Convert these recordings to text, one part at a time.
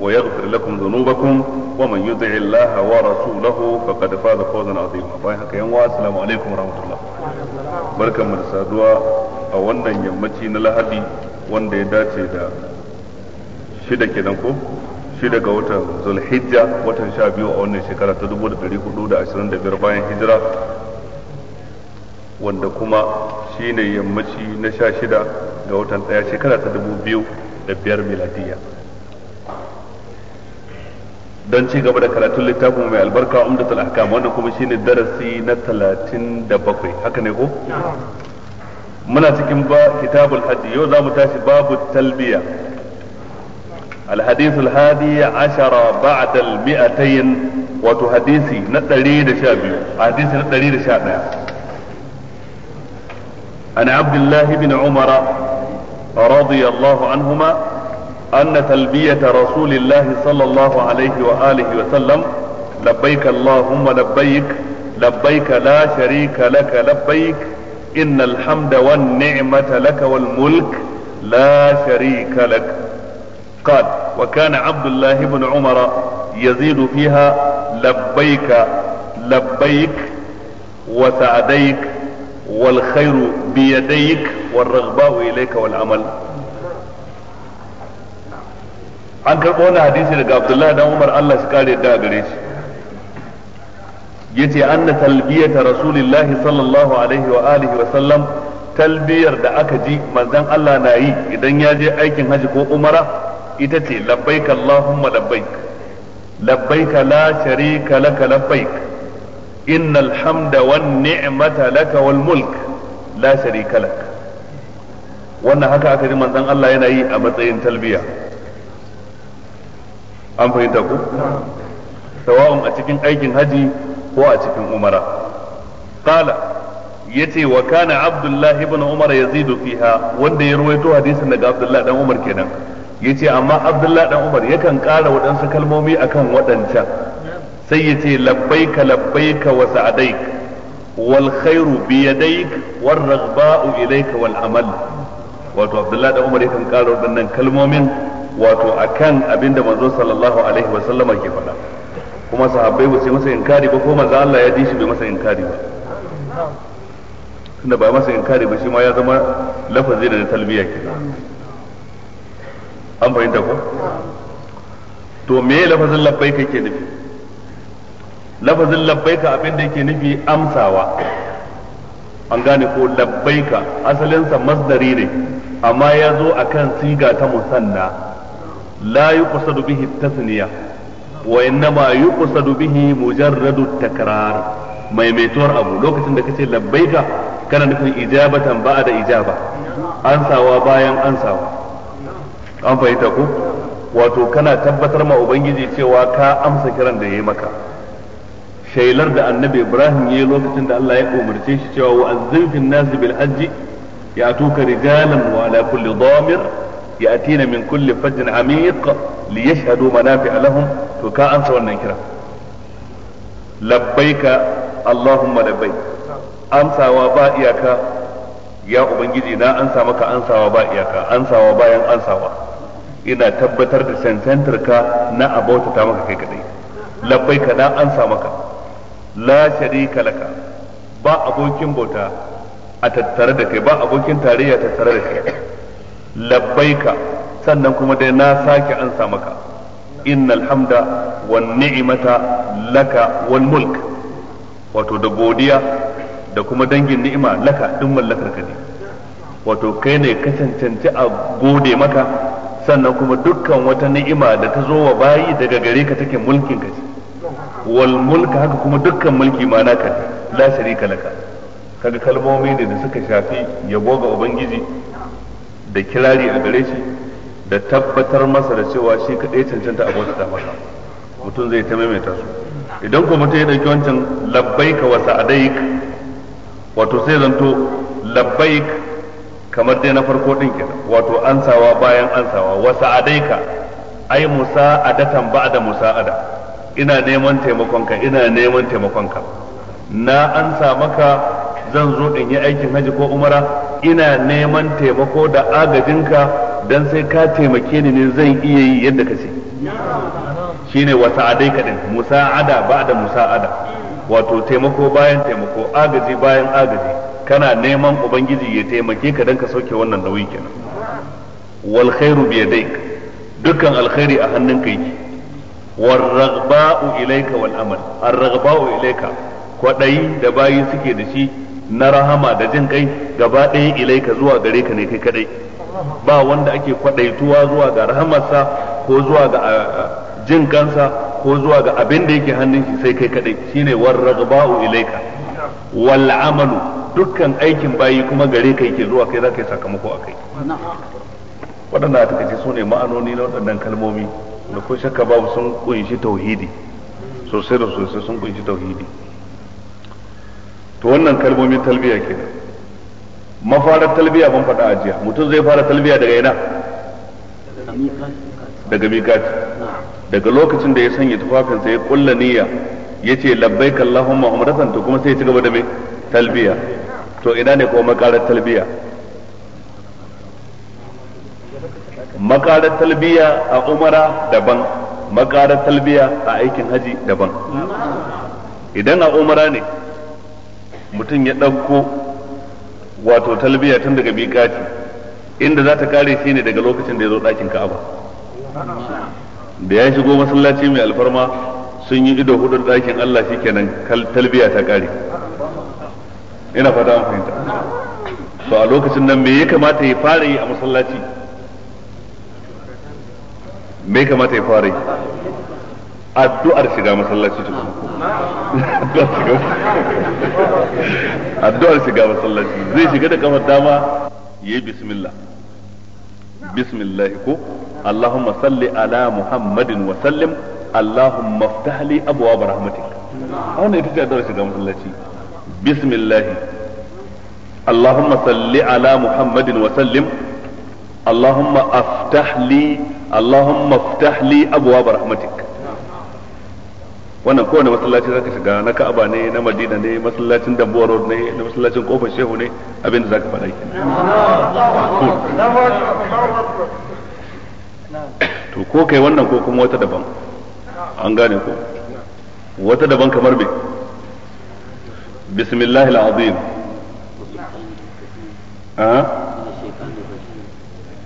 ويغفر لكم ذنوبكم ومن يطع الله ورسوله فقد فاز فوزا عظيما باي هكا ينوا السلام عليكم ورحمه الله barkan من سادوا saduwa a wannan yammaci na lahadi wanda ya dace da shida kenan ko shida ga watan zulhijja watan sha biyu a wannan shekara ta dubu da hudu da ashirin da biyar bayan hijira wanda kuma shine yammaci na sha shida ga watan ɗaya shekara ta dubu biyu da biyar miladiyya don ci gaba da karatun littafin mai albarka umdatul ahkam wannan kuma shine darasi na 37 haka ne ko muna cikin ba kitabul hajji yau zamu tashi babu talbiya الحديث الهادي عشر بعد المئتين وتحديثي نتريد شابي حديث نتريد شابي عن عبد الله بن عمر رضي الله عنهما أن تلبية رسول الله صلى الله عليه وآله وسلم لبيك اللهم لبيك لبيك لا شريك لك لبيك إن الحمد والنعمة لك والملك لا شريك لك قال وكان عبد الله بن عمر يزيد فيها لبيك لبيك وسعديك والخير بيديك والرغباء إليك والعمل an karɓo wani hadisi daga abdullahi dan umar allah shi kare a gare shi yace anna talbiyata rasulillahi sallallahu alaihi wa alihi wa sallam talbiyar da aka ji manzon Allah na yi idan ya je aikin haji ko umara ita ce labbaik allahumma labbaik labbaik la sharika laka labbaik innal hamda wan ni'mata laka wal mulk la sharika lak wannan haka aka ji manzon Allah yana yi a matsayin talbiya an fahimta ku sawa'un a cikin aikin haji ko a cikin umara ya yace wa kana Abdullahi ibn umar yazidu fiha wanda ya ruwaito hadisin daga Abdullahi dan umar kenan yace amma Abdullahi dan umar yakan kara waɗansu kalmomi akan waɗancan sai yace labbaika labbaika wa sa'adaik wal khairu bi yadaik war raghba'u ilayka wal amal wato Abdullahi dan umar yakan kara waɗannan kalmomin wato akan abinda manzo sallallahu alaihi wa sallama ke faɗa kuma sahabbai ba su masa inkari ba ko manzo Allah ya ji shi bai masa inkari ba tunda ba masa inkari ba shi ma ya zama lafazi da talbiya kenan an fahimta ko to me lafazin labbaika ke nufi lafazin labbaika abin da yake nufi amsawa an gane ko labbaika asalinsa masdari ne amma ya zo akan siga ta musanna la yuqsadu bihi tasniya wa innama yuqsadu bihi mujarradu takrar maimaituwar abu lokacin da kace labbaika kana nufin ijabatan da ijaba ansawa bayan ansawa an fahimta ko wato kana tabbatar ma ubangiji cewa ka amsa kiran da yayi maka shailar da annabi ibrahim ya yayi lokacin da Allah ya umarce shi cewa wa azzin fil nas bil hajji ya tuka rijalan wa ala يأتينا من كل فج عميق ليشهدوا منافع لهم to ka ansa wannan kira labbaika Allahumma labbaik amsawa ba iyaka ya ubangiji na ansa maka ansawa ba iyaka ansawa bayan ansawa ina tabbatar da cancantar ka na abauta ta maka kai kadai labbaika na ansa maka la sharika laka ba abokin a tattare da kai ba abokin tattare da kai labbaika sannan kuma dai na sake ansa maka innal hamda wan ni'mata laka wal mulk wato da godiya da kuma dangin ni'ima laka duk mallakar ka ne wato kai ne ka cancanci a gode maka sannan kuma dukkan wata ni'ima da ta zo wa bayi daga gare ka take mulkin ka ce wal mulka haka kuma dukkan mulki ma naka la sharika laka kaga kalmomi ne da suka shafi yabo ga ubangiji da kirari a gare shi da tabbatar masa da cewa shi kaɗai cancanta abota da masa mutum zai ta maimaita su idan kuma mutum ya ɗauki wancan ka wa sa'adaik wato sai zanto labbaik kamar dai na farko ɗin ke wato ansawa bayan ansawa wa sa'adaika ai musa'adatan ba'da musa'ada ina neman taimakonka ina neman taimakonka na ansa maka zan zo in yi aikin haji ko umara ina neman taimako da agajinka don sai ka taimake ni ne zan iya yi yadda kace shine wata adai kaɗin musa'ada da musa'ada wato taimako bayan taimako agaji bayan agaji kana neman ubangiji ya taimake ka don ka sauke wannan nauyi kenan wal khairu bi yadayk dukkan alkhairi a hannunka yake war ragba'u ilayka wal amal ar ragba'u ilayka kwadayi da bayi suke da shi na rahama da jin kai gaba ɗaya ilaika zuwa gare ka ne kai kadai ba wanda ake kwadaituwa zuwa ga rahamarsa ko zuwa ga jin kansa ko zuwa ga abin da yake hannun shi sai kai kadai shine war ragba'u ilaika wal amalu dukkan aikin bayi kuma gare ka yake zuwa kai zaka yi sakamako akai waɗanda a takaice su ne ma'anoni na waɗannan kalmomi da ko shakka babu sun kunshi tauhidi sosai da sosai sun ƙunshi tauhidi to wannan kalmomin talbiya nan mafarar talbiya ban faɗa a jiya mutum zai fara talbiya daga yana? daga mikati daga lokacin da ya sanya tufafinsa ya kulla niyya ya ce labbai Allahumma umratan to kuma sai ya ci gaba da mai talbiya to ina ne kuma makarar talbiya makarar talbiya a umara daban makarar talbiya a aikin haji daban idan a umara ne mutum ya ɗauko wato talbiya tun daga miƙati inda za ta kare shi ne daga lokacin da ya zo ɗakin ka'aba da ya shigo masallaci mai alfarma sun yi ido hudu ɗakin Allah shi kenan talbiya ta kare ina fata an fahimta to a lokacin nan me ya kamata ya fara yi a masallaci me ya kamata ya fara yi addu'ar shiga masallaci tukun addu'ar shiga masallaci zai shiga da kafar dama yayi bismillah bismillah ko allahumma salli ala muhammadin wa sallim allahumma iftah abwaab rahmatik wannan ita ce addu'ar shiga masallaci bismillah allahumma salli ala muhammadin wa sallim allahumma iftah allahumma iftah abwaab rahmatik wannan kowane masallaci zaka shiga na Ka'aba ne na Madina ne masallacin Dambuwa Road ne na masallacin Kofar Shehu ne abin da zaka faɗa kenan to ko kai wannan ko kuma wata daban an gane ko wata daban kamar me bismillahil azim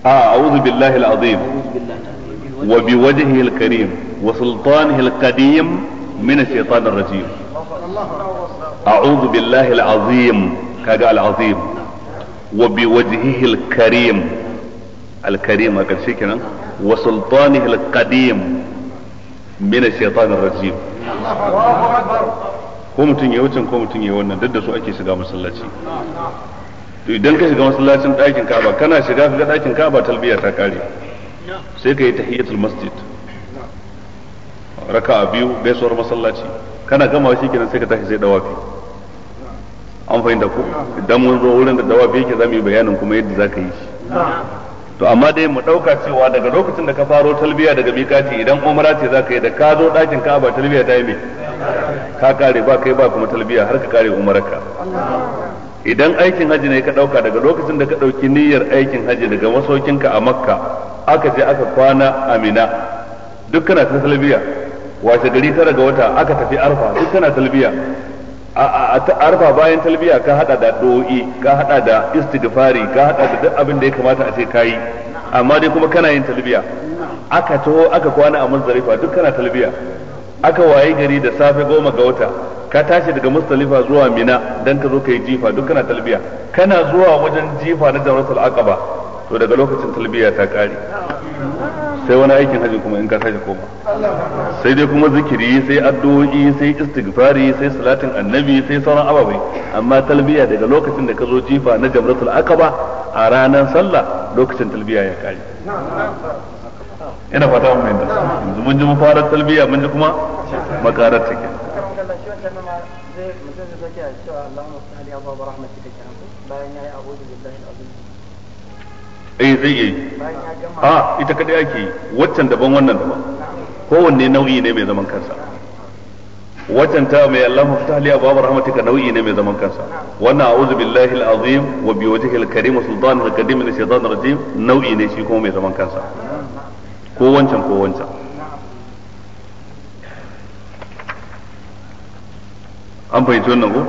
أعوذ بالله العظيم وبوجهه الكريم وسلطانه القديم من الشيطان الرجيم أعوذ بالله العظيم كاجا العظيم وبوجهه الكريم الكريم أكد شكرا وسلطانه القديم من الشيطان الرجيم ko mutum ya wucin ko mutum ya wannan duk da su ake shiga masallaci to idan ka shiga masallacin ɗakin Ka'aba kana shiga ga ɗakin Ka'aba talbiya ta kare sai ka yi tahiyatul masjid a biyu gaisuwar masallaci kana gama shi kenan sai ka tashi sai dawafi an fahimta ko idan mun zo wurin da dawafi yake zamu yi bayanin kuma yadda zaka yi shi to amma dai mu dauka cewa daga lokacin da ka faro talbiya daga mikati idan umara ce zaka yi da ka zo dakin ka ba talbiya ta yi me ka kare ba kai ba kuma talbiya har ka kare umarka idan aikin haji ne ka dauka daga lokacin da ka dauki niyyar aikin haji daga masaukinka a makka aka je aka kwana amina dukkan ta talbiya Wace gari tara ga wata aka tafi arfa duk kana talbiya a arfa bayan talbiya ka hada da do'i ka hada da istighfari ka hada da duk abin da ya kamata a ce kayi amma dai kuma kana yin talbiya aka taho aka kwana a muzdalifa duk kana talbiya aka waye gari da safe goma ga wata ka tashi daga mustalifa zuwa mina dan ka zo ka yi jifa duk kana talbiya kana zuwa wajen jifa na jaratul aqaba to daga lokacin talbiya ta kare sai wani aikin hajji kuma in ka sake koma sai dai kuma zikiri sai addu'o'i sai istighfari sai salatin annabi sai sauran ababai amma talbiya daga lokacin da ka zo jifa na jamratul akaba a ranar sallah lokacin talbiya ya kare ina fata mun yanda yanzu mun ji mu fara talbiya mun ji kuma makarar take bayan ya yi eh zai yi a ita kadai ake waccan daban wannan daban kowanne nau'i ne mai zaman kansa waccan ta mai Allah mafita liya babu rahmatika nau'i ne mai zaman kansa wannan a'udhu billahi al-azim wa bi wajhil karim sultan al-qadim min da rajim nau'i ne shi kuma mai zaman kansa ko wancan ko wancan an fahimci wannan ko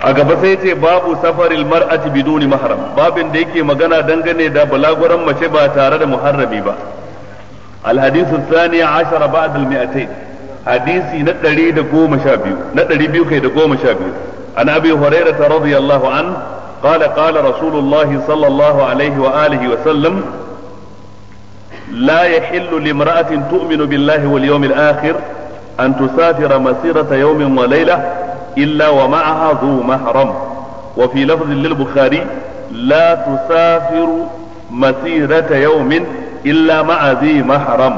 a gaba sai ce babu safaril mar'ati biduni mahram babin da yake magana dangane da balaguran mace ba tare da muharrami ba alhadisu thani ashara ba'd al hadisi na 112 na 212 an abi hurairah radhiyallahu an qala qala rasulullahi sallallahu alaihi wa alihi wa sallam لا يحل لامرأة تؤمن بالله واليوم الآخر أن تسافر مسيرة يوم وليلة إلا ومعها ذو محرم وفي لفظ للبخاري لا تسافر مسيرة يوم إلا مع ذي محرم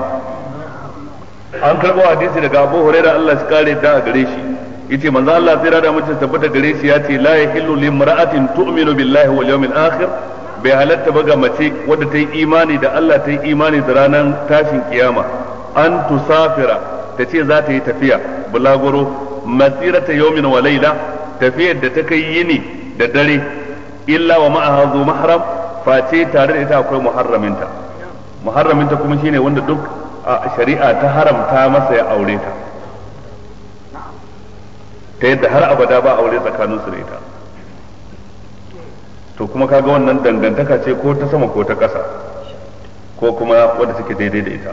an karbo hadisi daga abu huraira Allah shi kare ta a gare shi yace manzo Allah sai da mutum tabbata gare shi yace la yahillu limra'atin tu'minu billahi wal yawmil akhir bai halatta ba ga mace wadda ta yi imani da Allah ta yi imani da ranar tashin kiyama an tusafira ta ce za ta yi tafiya bulaguro masirata yawmin wa Laila tafiyar da ta kai yini da dare illa wa ma'aha zu mahram face tare da ita akwai muharraminta muharraminta kuma shine wanda duk a shari'a ta haramta masa ya aure ta ta yadda har abada ba aure tsakanin su da ita to kuma kaga wannan dangantaka ce ko ta sama ko ta kasa ko kuma wadda take daidai da ita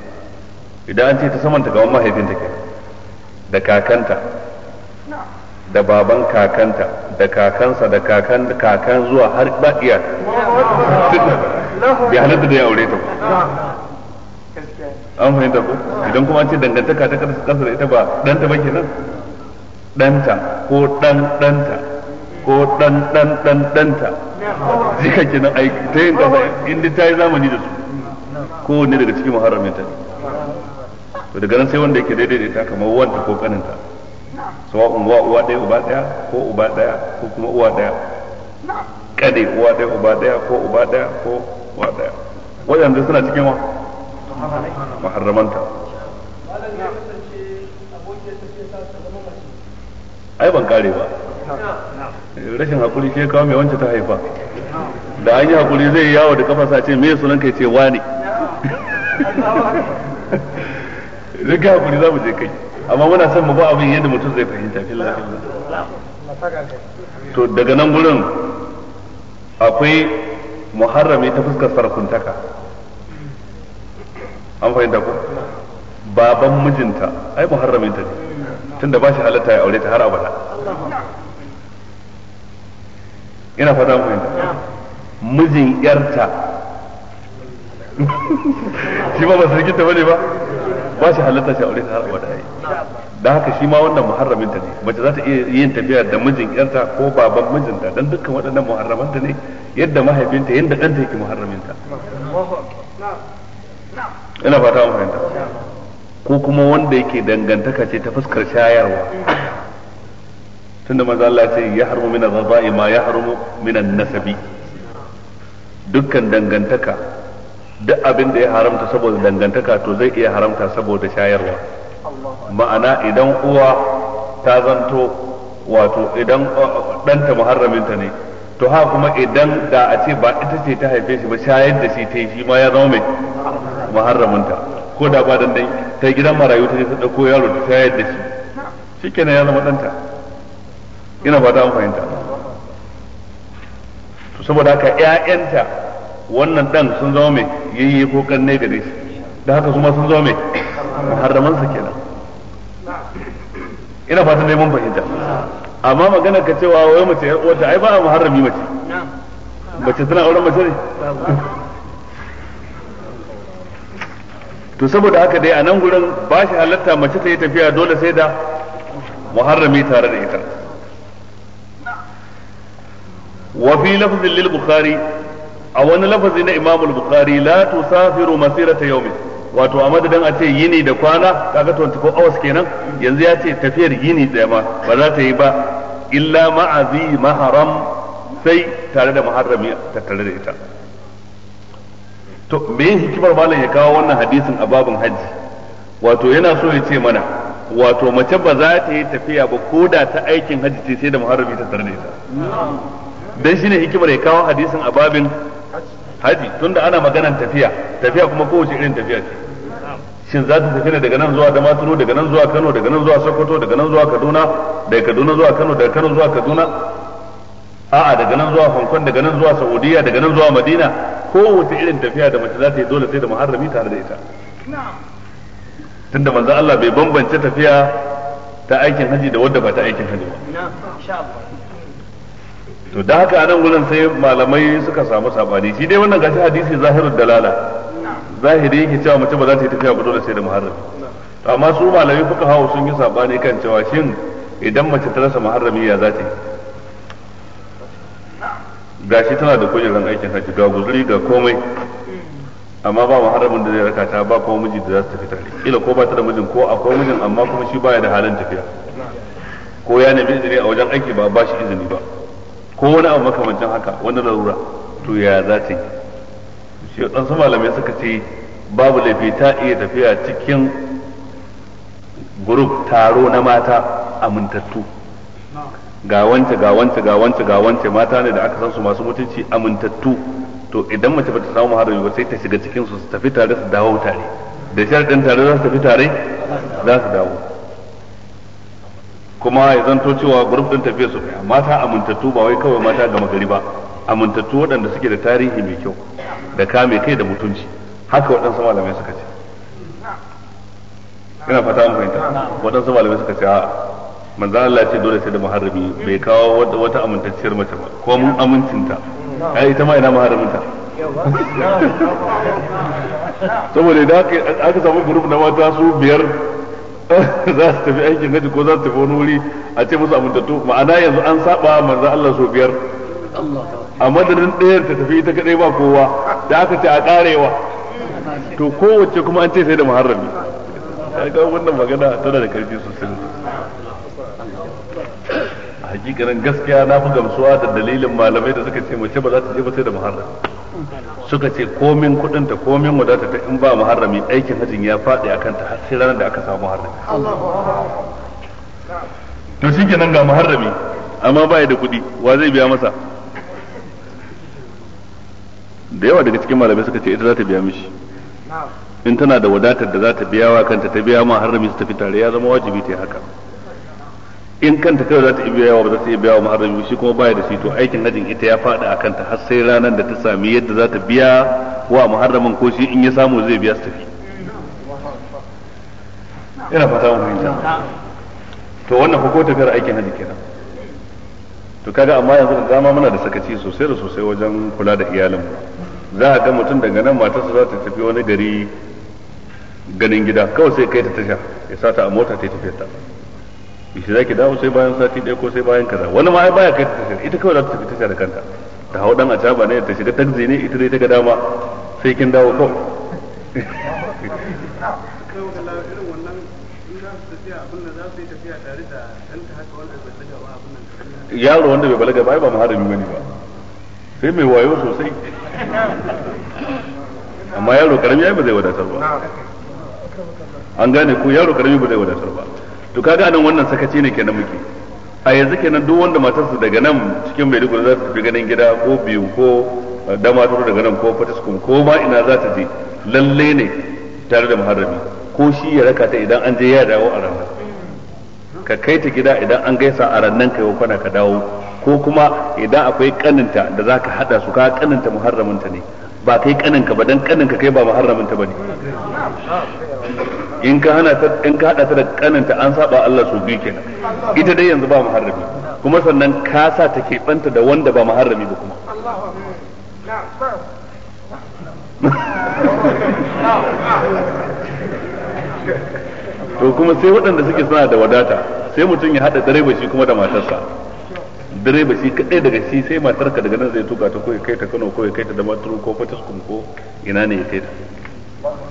idan an ce ta samanta ta mahaifinta ke da kakanta da baban kakanta da kakansa da kakan kakan zuwa har ba iya bai halatta da ya aure ta an fahimta ko idan kuma an ce dangantaka ta kasa da ita ba ɗanta ba kenan ɗanta ko ɗan ɗanta ko ɗan ɗan ɗan ɗanta zika kenan ai ta yin kasa inda ta yi zamani da su ko kowanne daga cikin muharramin ta to daga nan sai wanda yake daidai da ita kamar wanta ko kaninta sawa'un um, wa uwa ɗaya uba ɗaya ko uba ɗaya ko kuma uwa ɗaya kade uwa ɗaya uba ɗaya ko uba ɗaya ko uwa ɗaya wajen suna cikin wa muharramanta ai ban kare ba rashin hakuri ke kawo mai wancan ta haifa da an yi hakuri zai yawo da kafa sace me sunan kai ce wani rika hakuri za mu je kai amma muna son mu ba abin yadda mutum zai fahimta fillah to daga nan gurin akwai muharrami ta fuskar sarakuntaka an fahimta ko baban mijinta ai muharrami ta ne tunda ba shi halatta ya aure ta har abada ina fata mu fahimta mijin yarta shi ba ba sarki ta bane ba ba shi halatta shi aure ta har abada yayi da haka shi ma wannan muharramin ta ne mace za ta iya yin tafiya da mijin yarta ko baban mijinta dan dukkan waɗannan muharraman ta ne yadda mahaifinta yadda ɗanta yake muharramin ta ina fata mu fahimta ko kuma wanda yake dangantaka ce ta fuskar shayarwa tunda maza Allah ce ya harumu min zabai ma ya harumu min nasabi dukkan dangantaka duk abin da ya haramta saboda dangantaka to zai iya haramta saboda shayarwa ma'ana idan uwa ta zanto wato idan uh, ɗanta muharraminta ne to ha kuma idan da a ce ba ita ce ta haife shi ba shayar da shi ta yi shi ma ya zama mai muharraminta ko da ba dan dai ta gidan marayu ta je ta dauko yaro ta shayar da shi shikenan ya zama ɗanta ina fata ta fahimta to saboda haka ƴaƴanta wannan dan sun zama mai yayi ko kanne gare shi da haka kuma sun zama mai muharraman su kenan ina fatan dai mun fahimta amma magana ka cewa wai mace yar uwarta ai ba a muharrami mace mace tana auren mace ne to saboda haka dai a nan gurin ba shi halatta mace ta yi tafiya dole sai da muharrami tare da ita wa fi lafzin lil bukhari a wani lafazi na Imam al-Bukhari la tusafiru masirata yaumi wato a madadin a ce yini da kwana kaga 24 hours kenan yanzu ya ce tafiyar yini daya ma ba za ta yi ba illa ma'azi maharam sai tare da muharrami tattare da ita to me hikimar malam ya kawo wannan hadisin a babin haji wato yana so ya ce mana wato mace ba za ta yi tafiya ba ko da ta aikin haji ce sai da muharrami tattare da ita dan shine hikimar ya kawo hadisin a babin haji tunda ana maganan tafiya tafiya kuma kowace irin tafiya ce shin za ta tafi ne daga nan zuwa Damaturu daga nan zuwa Kano daga nan zuwa Sokoto daga nan zuwa Kaduna daga Kaduna zuwa Kano daga Kano zuwa Kaduna a'a daga nan zuwa Hong Kong daga nan zuwa Saudiya daga nan zuwa Madina kowace irin tafiya da mace za ta yi dole sai da muharrami tare da ita tunda manzo Allah bai bambance tafiya ta aikin haji da wadda ba ta aikin haji ba to da haka anan gurin sai malamai suka samu sabani shi dai wannan gashi hadisi zahirul dalala zahiri yake cewa mace ba za ta yi tafiya ba dole sai da muharrami to amma su malamai fuka hawo sun yi sabani kan cewa shin idan mace ta rasa muharrami ya za ta yi gashi tana da kujerar aikin haji ga guzuri ga komai amma ba muharramin da zai raka ta ba kuma miji da za su tafi tare kila ko ba ta da mijin ko akwai mijin amma kuma shi baya da halin tafiya ko ya nemi izini a wajen aiki ba ba shi izini ba ko wani abu makamancin haka wani larura to ya za ta yi shi waɗansu malamai suka ce babu laifi ta iya tafiya cikin guruf taro na mata amintattu ga wance ga wance ga wance ga wance mata ne da aka san su masu mutunci amintattu to idan mace bata samu muharrami ba sai ta shiga cikin su su tafi tare su dawo tare da sharadin tare za su tafi tare za su dawo kuma ya zanto cewa gurbin din tafiya su daya mata amintattu ba wai kawai mata gama gari ba amintattu waɗanda suke da tarihi mai kyau da kame kai da mutunci haka waɗansu malamai suka ce ina fata mun fahimta waɗansu malamai suka ce a manzan Allah ce dole sai da muharrami bai kawo wata amintacciyar mace ba ko mun amincinta ai ita ma ina muharraminta saboda idan aka samu gurbin na mata su biyar za su tafi aikin gaji ko za su tafi wani wuri a ce musu amintattu ma'ana yanzu an saba manzo Allah so biyar a madadin ɗayar ta tafi ita kadai ba kowa da aka ce a karewa to kowace kuma an ce sai da muharrami ga wannan magana tana da karfi sosai a hakikanin gaskiya na fi gamsuwa da dalilin malamai da suka ce mace ba za ta je ba sai da muharrami suka ce komin kudin ta komin wadata ta in ba muharrami aikin hajjin ya faɗi a kanta har sai ranar da aka samu muharrami to shi kenan ga muharrami amma ba ya da kuɗi wa zai biya masa da yawa daga cikin malamai suka ce ita za ta biya mishi in tana da wadatar da za ta biya wa kanta ta biya ma su tafi tare ya zama wajibi ta haka in kanta kawai za ta iya yawa ba za ta iya wa maharami shi kuma baya da shi to aikin hajjin ita ya faɗi a kanta har sai ranar da ta sami yadda za ta biya wa muharramin ko shi in ya samu zai biya su tafi ina fata mu fahimta to wannan ko tafiyar aikin hajji kenan to kaga amma yanzu da dama muna da sakaci sosai da sosai wajen kula da iyalin mu za a ga mutum daga nan matarsa za ta tafi wani gari ganin gida kawai sai kai ta tasha ya sa ta a mota ta tafi ta shi zaki dawo sai bayan sati ɗaya ko sai bayan kaza wani ma ai baya kai ta ita kawai za ta fita da kanta ta hau dan acaba ne ta shiga tagzi ne ita dai ta ga dama sai kin dawo ko. yaro wanda bai balaga ba ba maharami bane ba sai mai wayo sosai amma yaro karami ai ba zai wadatar ba an gane ko yaro karami ba zai wadatar ba to kaga anan wannan sakaci ne kenan muke a yanzu kenan duk wanda matarsa daga nan cikin Maiduguri za su tafi ganin gida ko biyu ko eh, damatar daga nan ko fatiskum ko ma ina za ta je lalle ne tare da muharrami ko shi ya raka ta idan an je ya dawo a ranar ka kai ta gida idan an gaisa a rannan kai kwana ka dawo ko kuma idan akwai kaninta da za ka hada su ka kaninta muharraminta ne ba kai kaninka ba dan kaninka kai ba muharraminta ba ne in ka hana ta in ka hada ta da kananta an saba Allah su biyu kenan ita dai yanzu ba muharrami kuma sannan ka sa ta keɓanta da wanda ba muharrami ba kuma to kuma sai waɗanda suke suna da wadata sai mutum ya haɗa direba shi kuma da matarsa direba shi kaɗai daga shi sai matarka daga nan zai tuka ta ko ya kai ta Kano ko ya kai ta Damaturu ko Fataskum ko ina ne ya kai ta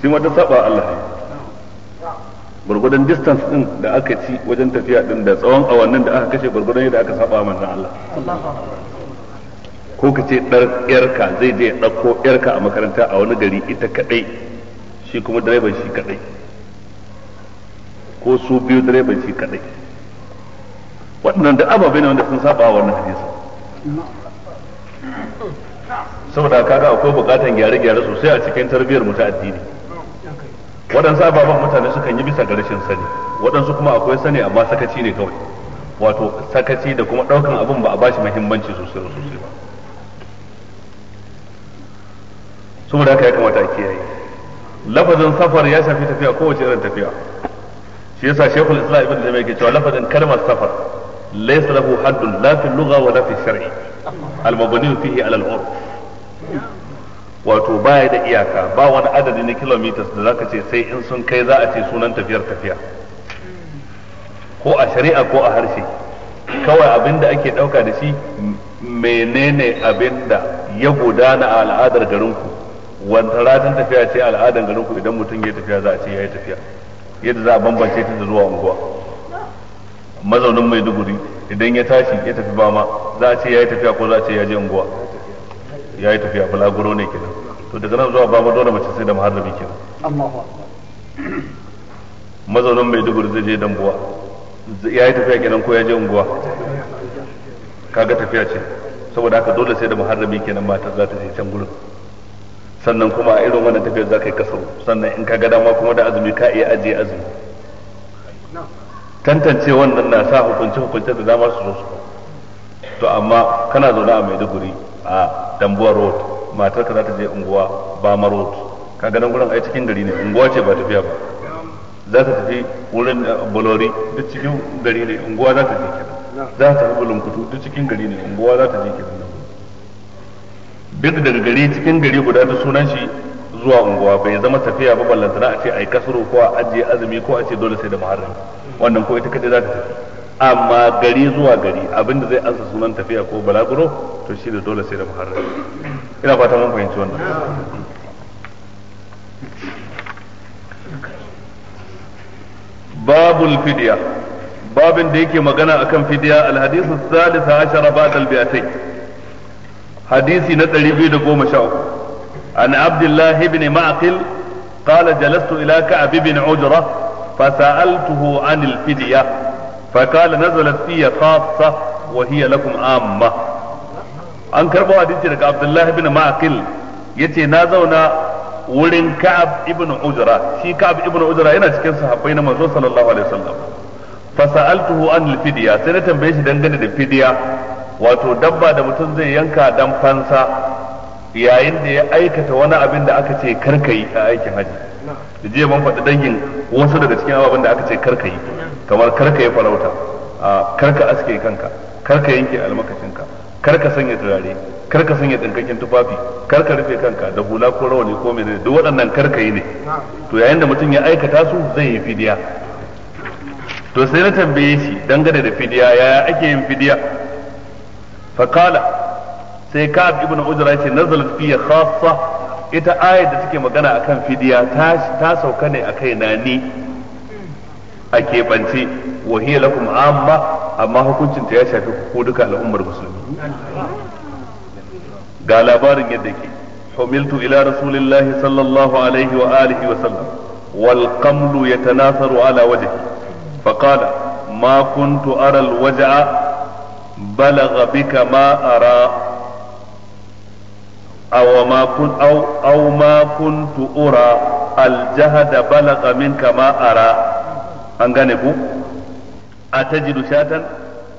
shi ma ta saba Allah gurgudan distance din da aka ci wajen tafiya din da tsawon awannin da aka kashe gurgudan yadda aka saba manzon Allah ko ka ce dar yarka zai je ɗauko yarka a makaranta a wani gari ita kadai shi kuma direban shi kadai ko su biyu direban shi kadai waɗannan da ababe ne wanda sun saba wannan hadisi saboda kaga akwai bukatan gyare-gyare sosai a cikin tarbiyyar mu ta addini waɗansu ababen mutane sukan yi bisa ga rashin sani waɗansu kuma akwai sani amma sakaci ne kawai wato sakaci da kuma ɗaukan abin ba a bashi muhimmanci sosai da sosai ba saboda haka ya kamata a kiyaye lafazin safar ya shafi tafiya kowace irin tafiya shi yasa shekul islam ibn jami'a ke cewa lafazin kalmar safar laysa lahu haddun la fi lugha wa la fi shar'i al mabni fihi ala al urf wato baya da iyaka ba wani adadi na kilometers da zaka ce sai in sun kai za a ce sunan tafiyar tafiya ko a shari'a ko a harshe kawai abin da ake ɗauka da shi menene abin da ya gudana a al'adar garinku wanda ratan tafiya ce al'adar garinku idan mutum ya tafiya za a ce ya yi tafiya yadda za a bambance ta da zuwa unguwa mazaunin maiduguri idan ya tashi ya tafi bama za a ce ya yi tafiya ko za a ce ya je unguwa ya yi tafiya balaguro ne kenan to daga nan zuwa babu dole mace sai da muharrami kenan mazaunin maiduguri zai je dambuwa ya yi tafiya kenan ko ya je unguwa kaga tafiya ce saboda haka dole sai da muharrami kenan matar za ta je can gurin sannan kuma a irin wannan tafiyar za ka yi kasar sannan in ka ga dama kuma da azumi ka iya ajiye azumi tantance wannan na sa hukunce hukunce da dama su zo su to amma kana zaune a maiduguri a dambuwa road matar ka za ta je unguwa bama road ka ganin gurin ai cikin gari ne unguwa ce ba tafiya ba za ta tafi wurin eh, bolori duk cikin gari ne unguwa za ta je kenan za ta tafi bulunkutu duk cikin gari ne unguwa za ta je kenan duk daga gari cikin gari guda da sunan shi zuwa unguwa bai zama tafiya ba ballantana a ce ai kasuru ko a ajiye azumi ko a ce dole sai da muharram wannan ko ita kadai za ta tafi amma gari zuwa gari abinda zai ansa sunan tafiya ko balaguro to shi da dole sai da muharrami ina fata mun fahimci wannan babul fidya babin da yake magana akan fidya alhadisu salisa ashara ba'da albi'atai hadisi na 213 an abdullah ibn ma'qil قال جلست إلى كعب بن عجرة فسألته عن الفدية فقال نزلت في خاصة وهي لكم عامة an karɓo hadisi daga abdullahi bin ma'aqil yace na zauna wurin ka'ab ibn ujra shi ka'ab ibn ujra yana cikin sahabbai na manzo sallallahu alaihi wasallam fa sa'altuhu an al sai na tambaye shi dangane da fidiya wato dabba da mutum zai yanka dan fansa yayin da ya aikata wani abin da aka ce karkai a aikin haji da jiya ban faɗi dangin wasu daga cikin ababen da aka ce karkai kamar karka yi farauta a karka aske kanka karka yanke almakashinka karka sanya turare karka sanya dinkakin tufafi karka rufe kanka da hula ko rawani ko menene duk waɗannan karka yi ne to yayin da mutum ya aikata su zai yi fidiya to sai na tambaye shi dangane da fidiya yaya ake yin fidiya faqala sai ka'ab ibn ujra ce nazal fi khassa ita ayat da take magana akan fidiya ta ta sauka ne akai na ni a keɓance wa hiya lakum amma amma hukuncin ta ya shafi ku duka al'ummar musulmi ga labarin yadda ke humiltu ila rasulillahi sallallahu alaihi wa alihi wa sallam wal qamlu yatanasaru ala wajhi fa qala ma kuntu ara al waj'a balagha bika ma ara aw ma kun aw aw ma kuntu ura al jahda balagha minka ma ara an gane ku a tajidu shatan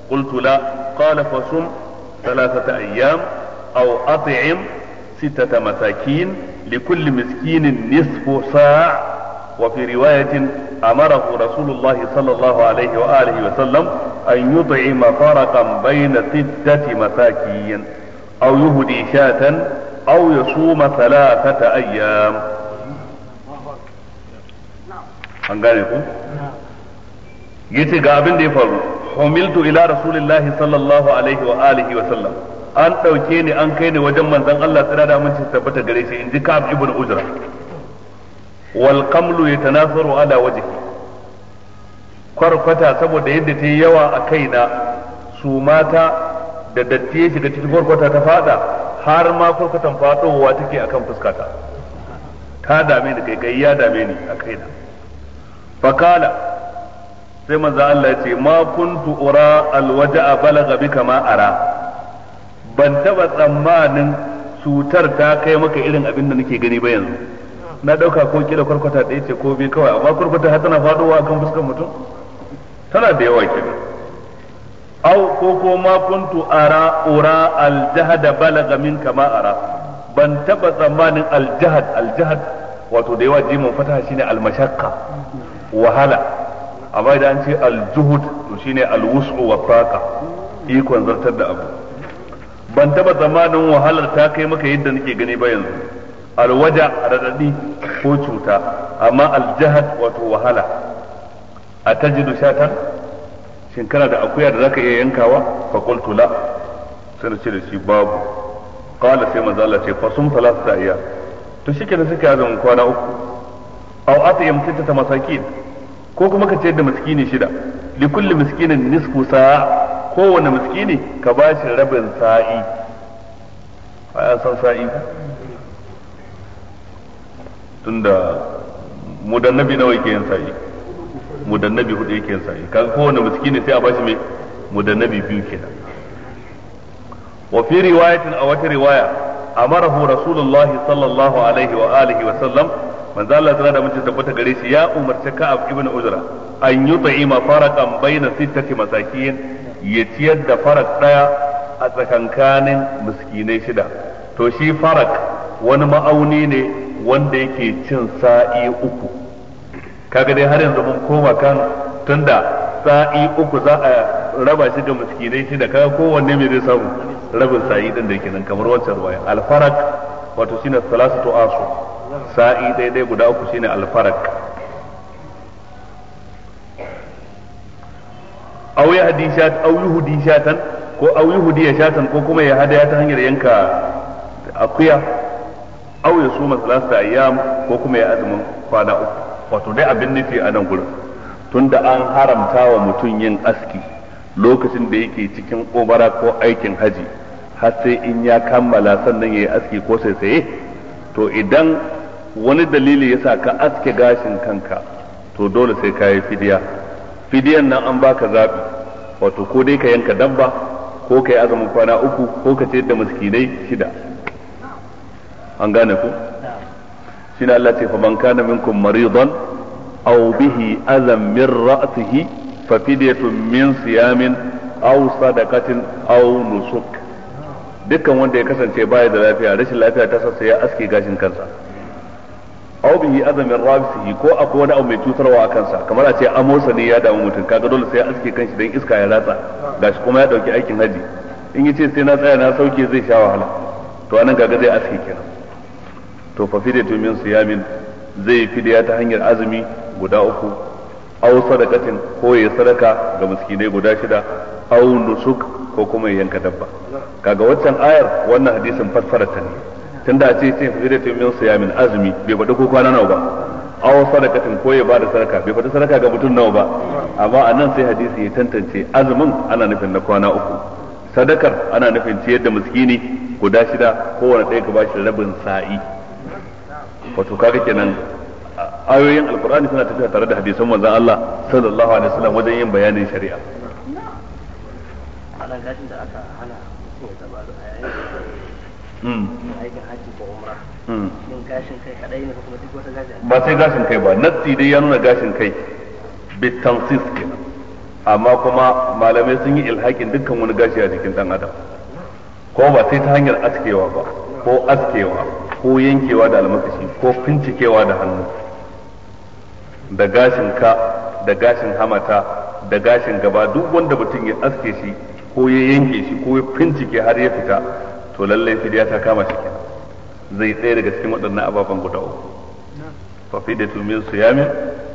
qultu la qala fasum ayyam aw at'im sittata masakin likulli miskinin nisfu sa' وفي رواية أمره رسول الله صلى الله عليه وآله وسلم أن يطعم فرقا بين ستة مساكين أو يهدي شاة أو يصوم ثلاثة أيام. ku. yace ga abin da ya faru humiltu ila rasulillahi sallallahu alaihi wa alihi wa sallam an dauke ni an kai ni wajen manzon Allah tsira da mun tabbata gare shi inji Ka'ab ibn Ujra wal qamlu yatanafaru ala wajhi kwarkwata saboda yadda ta yi yawa a kaina su mata da datti ya shiga cikin kwarkwata ta fada har ma kwarkwatan fadowa take akan fuskata ta dame ni kai kai ya dame ni a kaina fakala sai manzo Allah ya ce ma kuntu ura alwada'a balagha bika ma ara ban taba tsammanin cutar ta kai maka irin abin da nake gani ba yanzu na dauka ko kila kwarkwata da yace ko bi kawai amma kwarkwata har tana faduwa kan fuskar mutum tana da yawa kenan au ko ko ma kuntu ara ura aljahada balagha minka ma ara ban taba tsammanin aljahad aljahad wato da yawa jimin fataha shine almashakka wahala amma idan an ce aljuhud to shine alwus'u wa taqa ikon zartar da abu ban taba zamanin wahalar ta kai maka yadda nake gani ba yanzu alwaja radadi ko cuta amma aljahad wato wahala a tajidu shatan shin kana da akuya da zaka iya yankawa fa qultu la sai na ce da shi babu qala sai manzo Allah ce fa sum thalathata iya to shikenan suka yi azumin kwana uku aw atiyam sittata masakin ko kuma ka ciyar da miskini shida li kulli miskinin nisfu sa'a kowane miskini ka ba shi rabin sa'i a san sa'i tunda mudannabi nawa yake yin sa'i mudannabi hudu yake yin sa'i kaga kowane miskini sai a ba shi mai mudannabi biyu kenan wa fi riwayatin a wata riwaya amarahu rasulullahi sallallahu alaihi wa alihi wa sallam manzo Allah sallallahu alaihi wasallam tabbata gare shi ya umarci Ka'ab ibnu Uzra an yut'ima faraqan baina sittati masakin ya ciyar da farak daya a tsakankanin miskinai shida to shi farak wani ma'auni ne wanda yake cin sa'i uku kaga dai har yanzu mun koma kan tunda sa'i uku za a raba shi ga miskinai shida kaga kowanne mai zai samu rabin sa'i din da yake nan kamar wancan ruwaya al farak wato shine salasatu asu sa'i daidai guda uku shine alfarak aw ya hadi shat aw yuhdi shatan ko aw yuhdi shatan ko kuma ya hada ta hanyar yanka akuya aw ya suma salasa ayyam ko kuma ya azumin kwana uku wato dai abin nufi a nan gurin tunda an haramta wa mutum yin aski lokacin da yake cikin obara ko aikin haji har sai in ya kammala sannan ya yi aski ko sai saye to idan wani dalili yasa ka aske gashin kanka to dole sai ka yi fidiya fidiyan nan an baka zaɓi wato ko dai ka yanka dabba ko ka yi azumin kwana uku ko ka ce da miskinai shida an gane ku shine Allah ce fa man kana minkum maridan aw bihi alam min ra'sihi fa fidyatun min siyamin aw sadaqatin aw nusuk dukkan wanda ya kasance baya da lafiya rashin lafiya ta sassa ya aske gashin kansa aw bihi azamin rabsihi ko akwai wani abu mai cutarwa a kansa kamar a ce amosa ne ya damu mutum kaga dole sai ya aske kanshi dan iska ya ratsa gashi kuma ya dauki aikin haji in yace sai na tsaya na sauke zai sha wahala to anan kaga zai aske kenan to fa fidatu min siyamin zai fidiya ta hanyar azumi guda uku aw sadaqatin ko ya sadaka ga miskinai guda shida aw nusuk ko kuma yanka dabba kaga waccan ayar wannan hadisin fassara ta ne tunda a ce sai ya min azumi bai faɗi ko kwana nawa ba wasu sadakatin ko ya da sadaka bai faɗi sadaka ga mutum nawa ba amma a nan sai hadisi ya tantance azumin ana nufin na kwana uku sadakar ana nufin ciyar da miskini guda shida kowane ɗaya ka bashi rabin sa'i wato kaga kenan ayoyin alkur'ani suna tafiya tare da hadisan manzon Allah sallallahu alaihi wasallam wajen yin bayanin shari'a Hmm. aikin hmm. gashin kai kuma ba sai gashin kai ba nassi dai ya nuna gashin kai bitansis kenan amma kuma malamai sun yi ilhakin dukkan wani gashi a jikin dan adam ko ba sai ta hanyar askewa ba ko askewa ko yankewa da almakashi ko fincikewa da hannu da gashin ka da gashin hamata da gashin gaba duk wanda mutum ya aske shi ko ya yanke shi ko ya fincike har ya fita to lallai fidiya ta kama shi kenan zai tsaye daga cikin waɗannan ababen guda uku fa fidatu min siyamin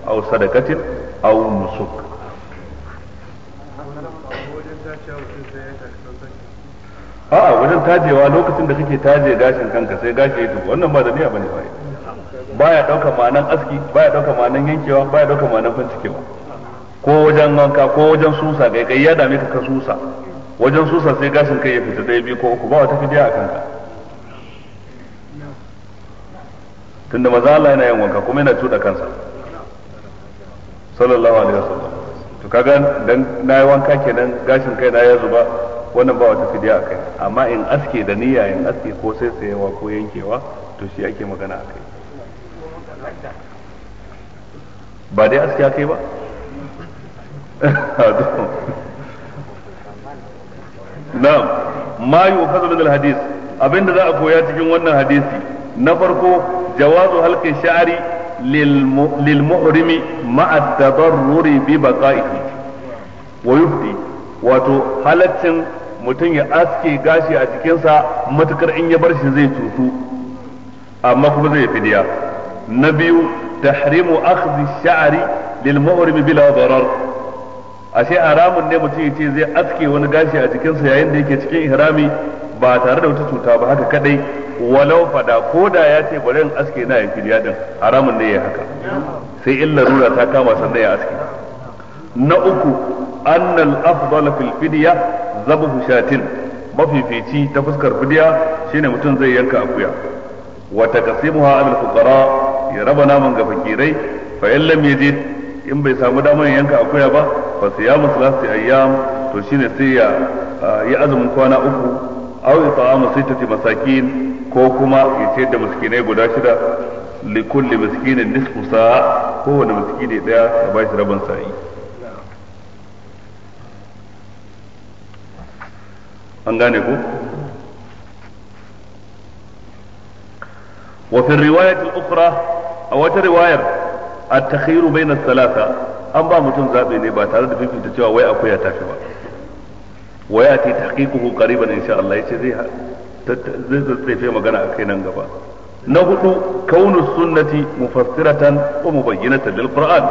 aw sadaqatin aw nusuk a'a wajen tajewa lokacin da kake taje gashin kanka sai gashi yake wannan ba da niyya bane ba baya dauka ma'anan aski baya dauka ma'anan yankewa baya dauka ma'anan fincikewa ko wajen wanka ko wajen susa kai kai ya dame ka ka susa wajen susa sai gashin kai ya fita ɗaya biyu ko uku ba wata fidiya a kanka tunda maza Allah yana yin wanka kuma yana cuɗa kansa sallallahu alaihi wasallam to kaga dan na yi wanka kenan gashin kai na ya zuba wannan ba wata fidiya a kai amma in aske da niyya in aske ko sai tsayewa ko yankewa to shi ake magana a kai ba dai aske a kai ba ma yu'khadhu min al-hadith abinda za a koya cikin wannan hadisi na farko jawazu halqi sha'ri lil muhrimi ma'a tadarruri bi baqa'ihi wa yubdi wato halaccin mutum ya aske gashi a jikinsa matukar in ya bar shi zai cutu amma kuma zai fidiya na biyu tahrimu akhdhi sha'ri lil muhrimi bila darar ashe aramun ne mutum ya ce zai aske wani gashi a jikinsa yayin da yake cikin ihrami ba tare da wata cuta ba haka kadai walau fada ko da ya ce bari in aske na ya fidiya din ne ya haka sai in larura ta kama sannan ya aske na uku annal afdal fil fidya zabu shatin mafifici ta fuskar fidiya shine mutum zai yanka akuya wa taqsimuha al fuqara ya raba naman ga fakirai fa in lam yajid in bai samu damar yanka akuya ba ba su ya musu lasu ayyam to shine sai ya yi azumin kwana uku aw it'amu tafi masakin ko kuma ya ce da miskinai guda shida li kulli miskinin nisfu sa'a kowane miskini daya ya bashi rabin sa'i an gane ku ta الرواية a wata riwayar. at-takhiru bayna salasa an ba mutum zaɓe ne ba tare da fifita cewa wai akwai ta fi ba wa yati tahqiquhu qariban insha Allah yace zai zai tsaye magana kai nan gaba na hudu kaunus sunnati mufassiratan wa mubayyinatan lil qur'an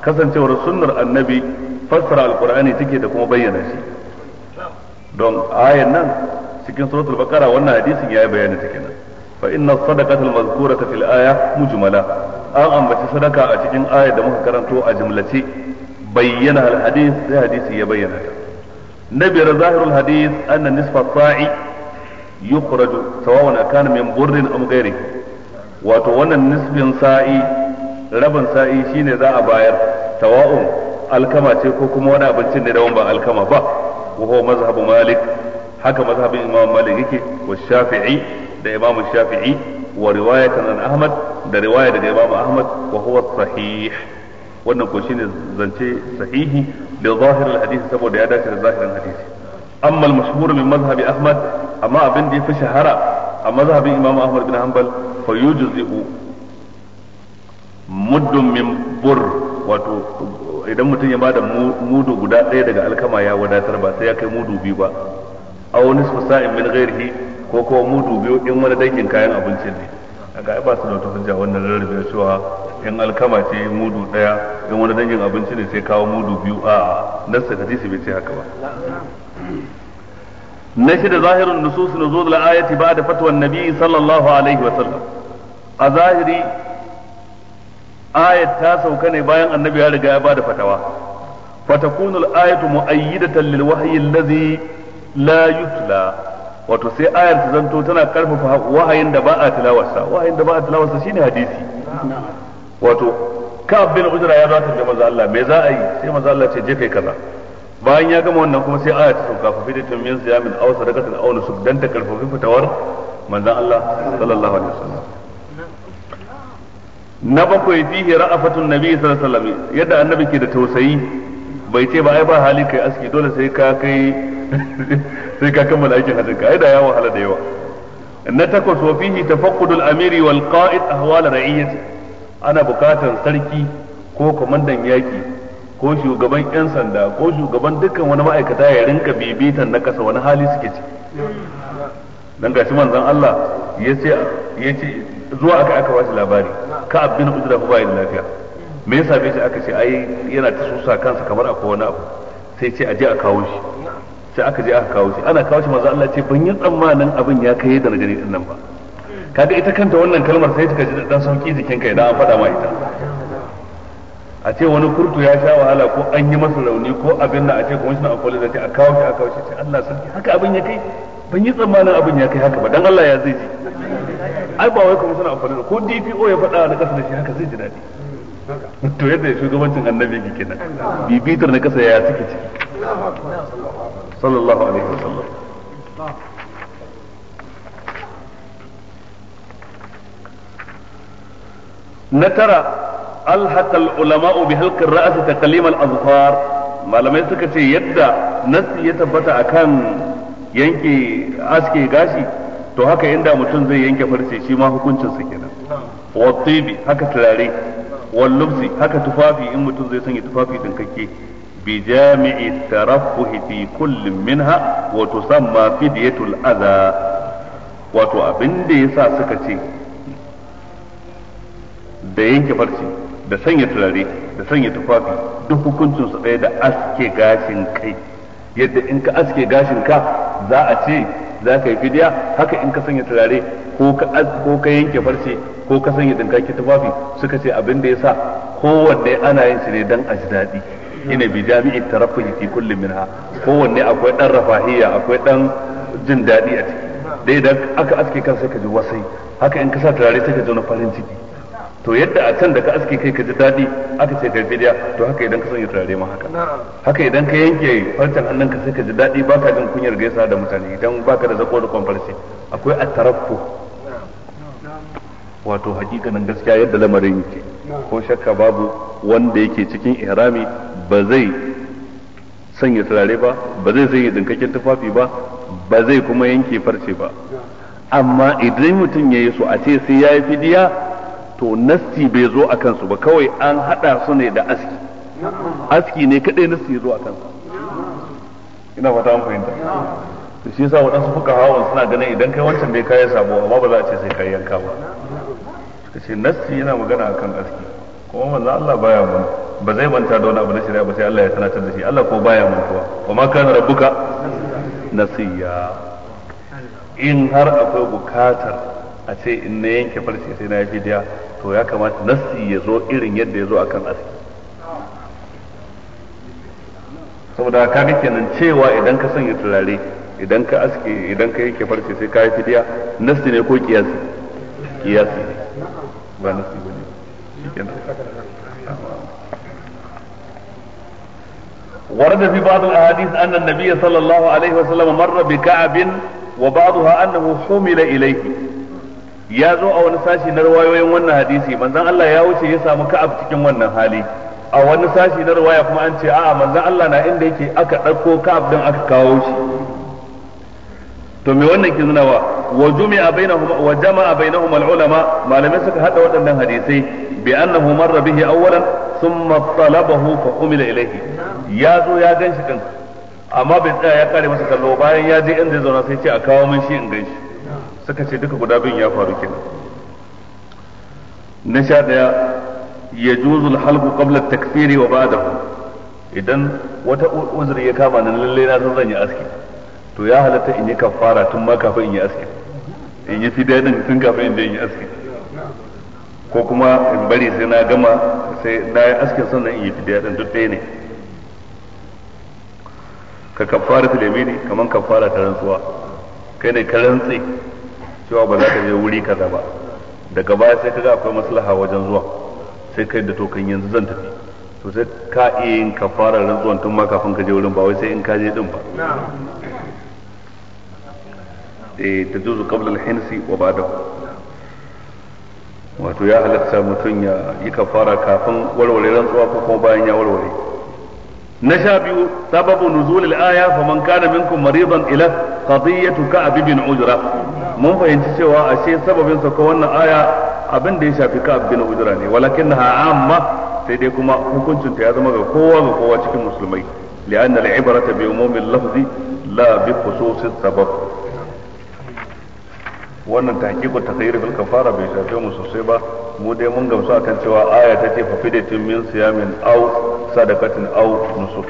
kasancewar sunnar annabi fassara alqur'ani take da kuma bayyana shi don ayan nan cikin suratul baqara wannan hadisin yayi bayani take nan fa inna sadaqata al-mazkurata fil aya mujmala an ambaci sadaka a cikin ayar da muka karanto a jimlace bayyana alhadis sai hadisi ya bayyana ta na biyar zahirul hadis anna nisfa sa'i yukhraju sawawan kana min burrin am ghairi wato wannan nisbin sa'i rabin sa'i shine za a bayar tawa'un alkama ce ko kuma wani abincin ne daban ba alkama ba wa huwa mazhabu malik haka mazhabin imam malik yake wa shafi'i da imam shafi'i wa riwayatan an ahmad da riwaya daga imam ahmad wa huwa sahih wannan ko shine zance sahihi da zahirin hadisi saboda ya dace da zahirin hadisi amma al-mashhur min mazhabi ahmad amma abin da ya fi shahara a mazhabin imam ahmad bin hambal fa yujzi'u min bur wato idan mutum ya bada mudu guda ɗaya daga alkama ya wadatar ba sai ya kai mudu biyu ba aw nisfu sa'in min ghairihi ko kuma mudu biyu in wani dangin kayan abincin ne ga ba su da wata hujja wannan rarrabe cewa in alkama ce mudu daya in wani dangin abinci ne sai kawo mudu biyu a nasta hadisi bai ce haka ba na shida zahirin nusus nuzul al-ayati ba'da fatwa an-nabi sallallahu alaihi wa sallam a zahiri ayat ta sauka ne bayan annabi ya riga ya bada fatawa fatakunul ayatu mu'ayyidatan lil wahyi alladhi la yutla wato sai ayar ta zanto tana karfafa wahayin da ba a tilawarsa wahayin da ba a tilawarsa shine hadisi wato ka bin ujra ya zata da manzo Allah me za a yi sai manzo Allah ce je kai kaza bayan ya gama wannan kuma sai aya ta sauka fa fidatun min siyamin aw sadaqatin aw nusuk dan ta karfafi fitawar manzo Allah sallallahu alaihi wasallam na bakwai fihi ra'afatun nabi sallallahu alaihi wasallam yadda annabi ke da tausayi bai ce ba ai ba hali kai aski dole sai ka kai sai ka kammala aikin hajjin ka ai da ya wahala da yawa na takwas wa fihi tafaqqudul amiri wal qa'id ahwal ra'iyyati ana bukatar sarki ko kwamandan yaki ko shugaban yan sanda ko shugaban dukkan wani ma'aikata ya rinka bibitan na kasa wani hali suke ci dan gashi manzon Allah ya ce zuwa aka aka washi labari ka abin ujra ba da lafiya me yasa bai shi aka ce ai yana ta susa kansa kamar akwai wani abu sai ce aje a kawo shi sai aka je aka kawo shi ana kawo shi manzo Allah ce ban yi tsammanin abin ya kai da rajani din nan ba kaga ita kanta wannan kalmar sai ka ji da dan sauki jikin kai idan an faɗa ma ita a ce wani kurtu ya sha wahala ko an yi masa rauni ko abin nan a ce kuma shi na akwai da a kawo shi a kawo shi ce Allah sarki haka abin ya kai ban yi tsammanin abin ya kai haka ba dan Allah ya zai ji ai ba wai kuma suna amfani da ko DPO ya fada a ƙasa da shi haka zai ji dadi to yadda shugabancin annabi yake kenan bibitar na ƙasa ya suke ciki صلى الله عليه na tara alhaqal ulama'u bi الرأس ra'si taqlim ما لم malamai suka ce yadda nasi ya tabbata akan yanke gashi to haka inda mutum zai yanke farce shi ma hukuncin sa kenan wa haka turare Wa lubsi haka tufafi in mutum zai sanya tufafi dinkakke بجامع الترفه في كل منها وتسمى فدية الأذى wato abin da ya sa suka ce da yanke farce da sanya turare da sanya tufafi duk hukuncinsu ɗaya da aske gashin kai yadda in ka aske gashin ka za a ce za ka yi fidiya haka in ka sanya turare ko ka yanke farce ko ka sanya dinkaki tufafi suka ce abin da ya sa kowanne ana yin shi ne don a ji daɗi ina bi jami'i tarafuhi fi kulli minha kowanne akwai dan rafahiyya akwai dan jin daɗi a ciki dai idan aka aske kan sai ka ji wasai haka in ka sa turare sai ka ji wani farin ciki to yadda a can da ka aske kai ka ji daɗi aka ce kai fidiya to haka idan ka sanya turare ma haka haka idan ka yanke farcen hannun ka sai ka ji daɗi baka jin kunyar gaisa da mutane idan baka da zako da kwamfarsi akwai a taraffu wato hakikanin gaskiya yadda lamarin yake ko shakka babu wanda yake cikin ihrami ba zai sanya turare ba ba zai sanya dinkakken tufafi ba ba zai kuma yanke farce ba amma idan mutum ya yi su a ce sai ya yi fidiya to nasti bai zo a kansu ba kawai an haɗa su ne da aski aski ne kaɗai nasti ya zo a kansu ina fata an fahimta to shi yasa waɗansu fuka hawan suna ganin idan kai wancan bai kayan sabo amma ba za a ce sai kayan yanka ba ce nasti yana magana akan aski kuma manzo Allah baya mun ba zai manta da wani abu na shari'a ba sai Allah ya sanatar da shi Allah ko baya mantuwa wa ma kana rabbuka nasiya in har akwai bukatar a ce in na yanke farce sai na yi diya to ya kamata nasi ya zo irin yadda ya zo akan aski saboda ka ga kenan cewa idan ka sanya turare idan ka aske idan ka yanke farce sai ka yi fidiya nasi ne ko kiyasi kiyasi ba nasi ba kenan ورد في بعض الاحاديث ان النبي صلى الله عليه وسلم مر بكعب وبعضها انه حمل اليه ya zo a wani sashi na ruwayoyin wannan hadisi manzon Allah ya wuce ya samu ka'ab cikin wannan hali a wani sashi na ruwaya kuma an ce a'a manzon Allah na inda yake aka ɗauko ka'ab din aka kawo shi to me wannan ke nuna wa wa jumi'a jama'a bainahum ulama malamai suka haɗa waɗannan hadisai bi annahu marra bihi awwalan thumma talabahu fa umila ilayhi ya zo ya ganshi din amma bai tsaya ya kare masa kallo bayan ya je inda zauna sai ce a kawo min shi in ganshi suka ce duka guda bin ya faru kenan na sha ya juzul wa idan wata uzuri ya kama na lalle na san zan yi aski to ya halatta in yi kafara tun ma kafin in yi aski in yi fidya din tun kafin in in yi aski ko kuma in bari sai na gama sai na yi askin sannan in yi fidiya din duk ɗaya ne ka kafara filimini kamar kafara ta rantsuwa kai ne ka rantsi cewa ba za ka je wuri kaza ba daga baya sai ka ga akwai maslaha wajen zuwa sai kai da tokan yanzu zan tafi to sai ka iya yin kafara rantsuwan tun ma kafin ka je wurin ba wai sai in ka je din ba eh tajuzu qabla al-hinsi wa ba'dahu wato ya halatta mutum ya yi kafara kafin warware rantsuwa ko kuma bayan ya warware na sha biyu sababu nuzulil aya fa man kana minkum maridan ila qadiyatu ka'ab bin ujra mun fahimci cewa ashe sababin sa ko wannan aya abin da ya shafi ka'ab bin ujra ne walakinnaha amma sai dai kuma hukuncin ta ya zama ga kowa ga kowa cikin musulmai li'anna al'ibrata bi umumil lafzi la bi khususis sabab wannan tahqiqu takhayyur bil kafara bai shafe mu sosai ba mu dai mun gamsu akan cewa aya ta ce fa fidatun min siyamin aw sadaqatin aw nusuk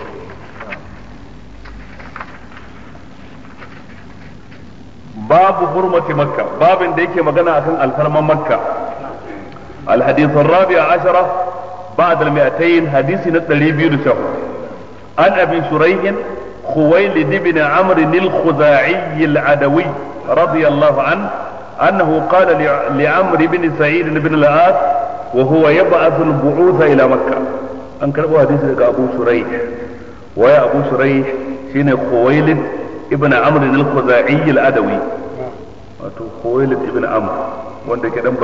babu hurmati makka babin da yake magana akan alfarman makka الحديث الرابع عشرة بعد المئتين hadisi na بيرسه an أبي شريح خويلد بن عمرو الخزاعي العدوي رضي الله عنه أنه قال لعمرو بن سعيد بن العاص وهو يبعث البعوث إلى مكة an karɓo hadisi daga abu surai waya abu surai shine khuwailid ibn amr al-khuzai wato khuwailid ibn amr wanda ke dan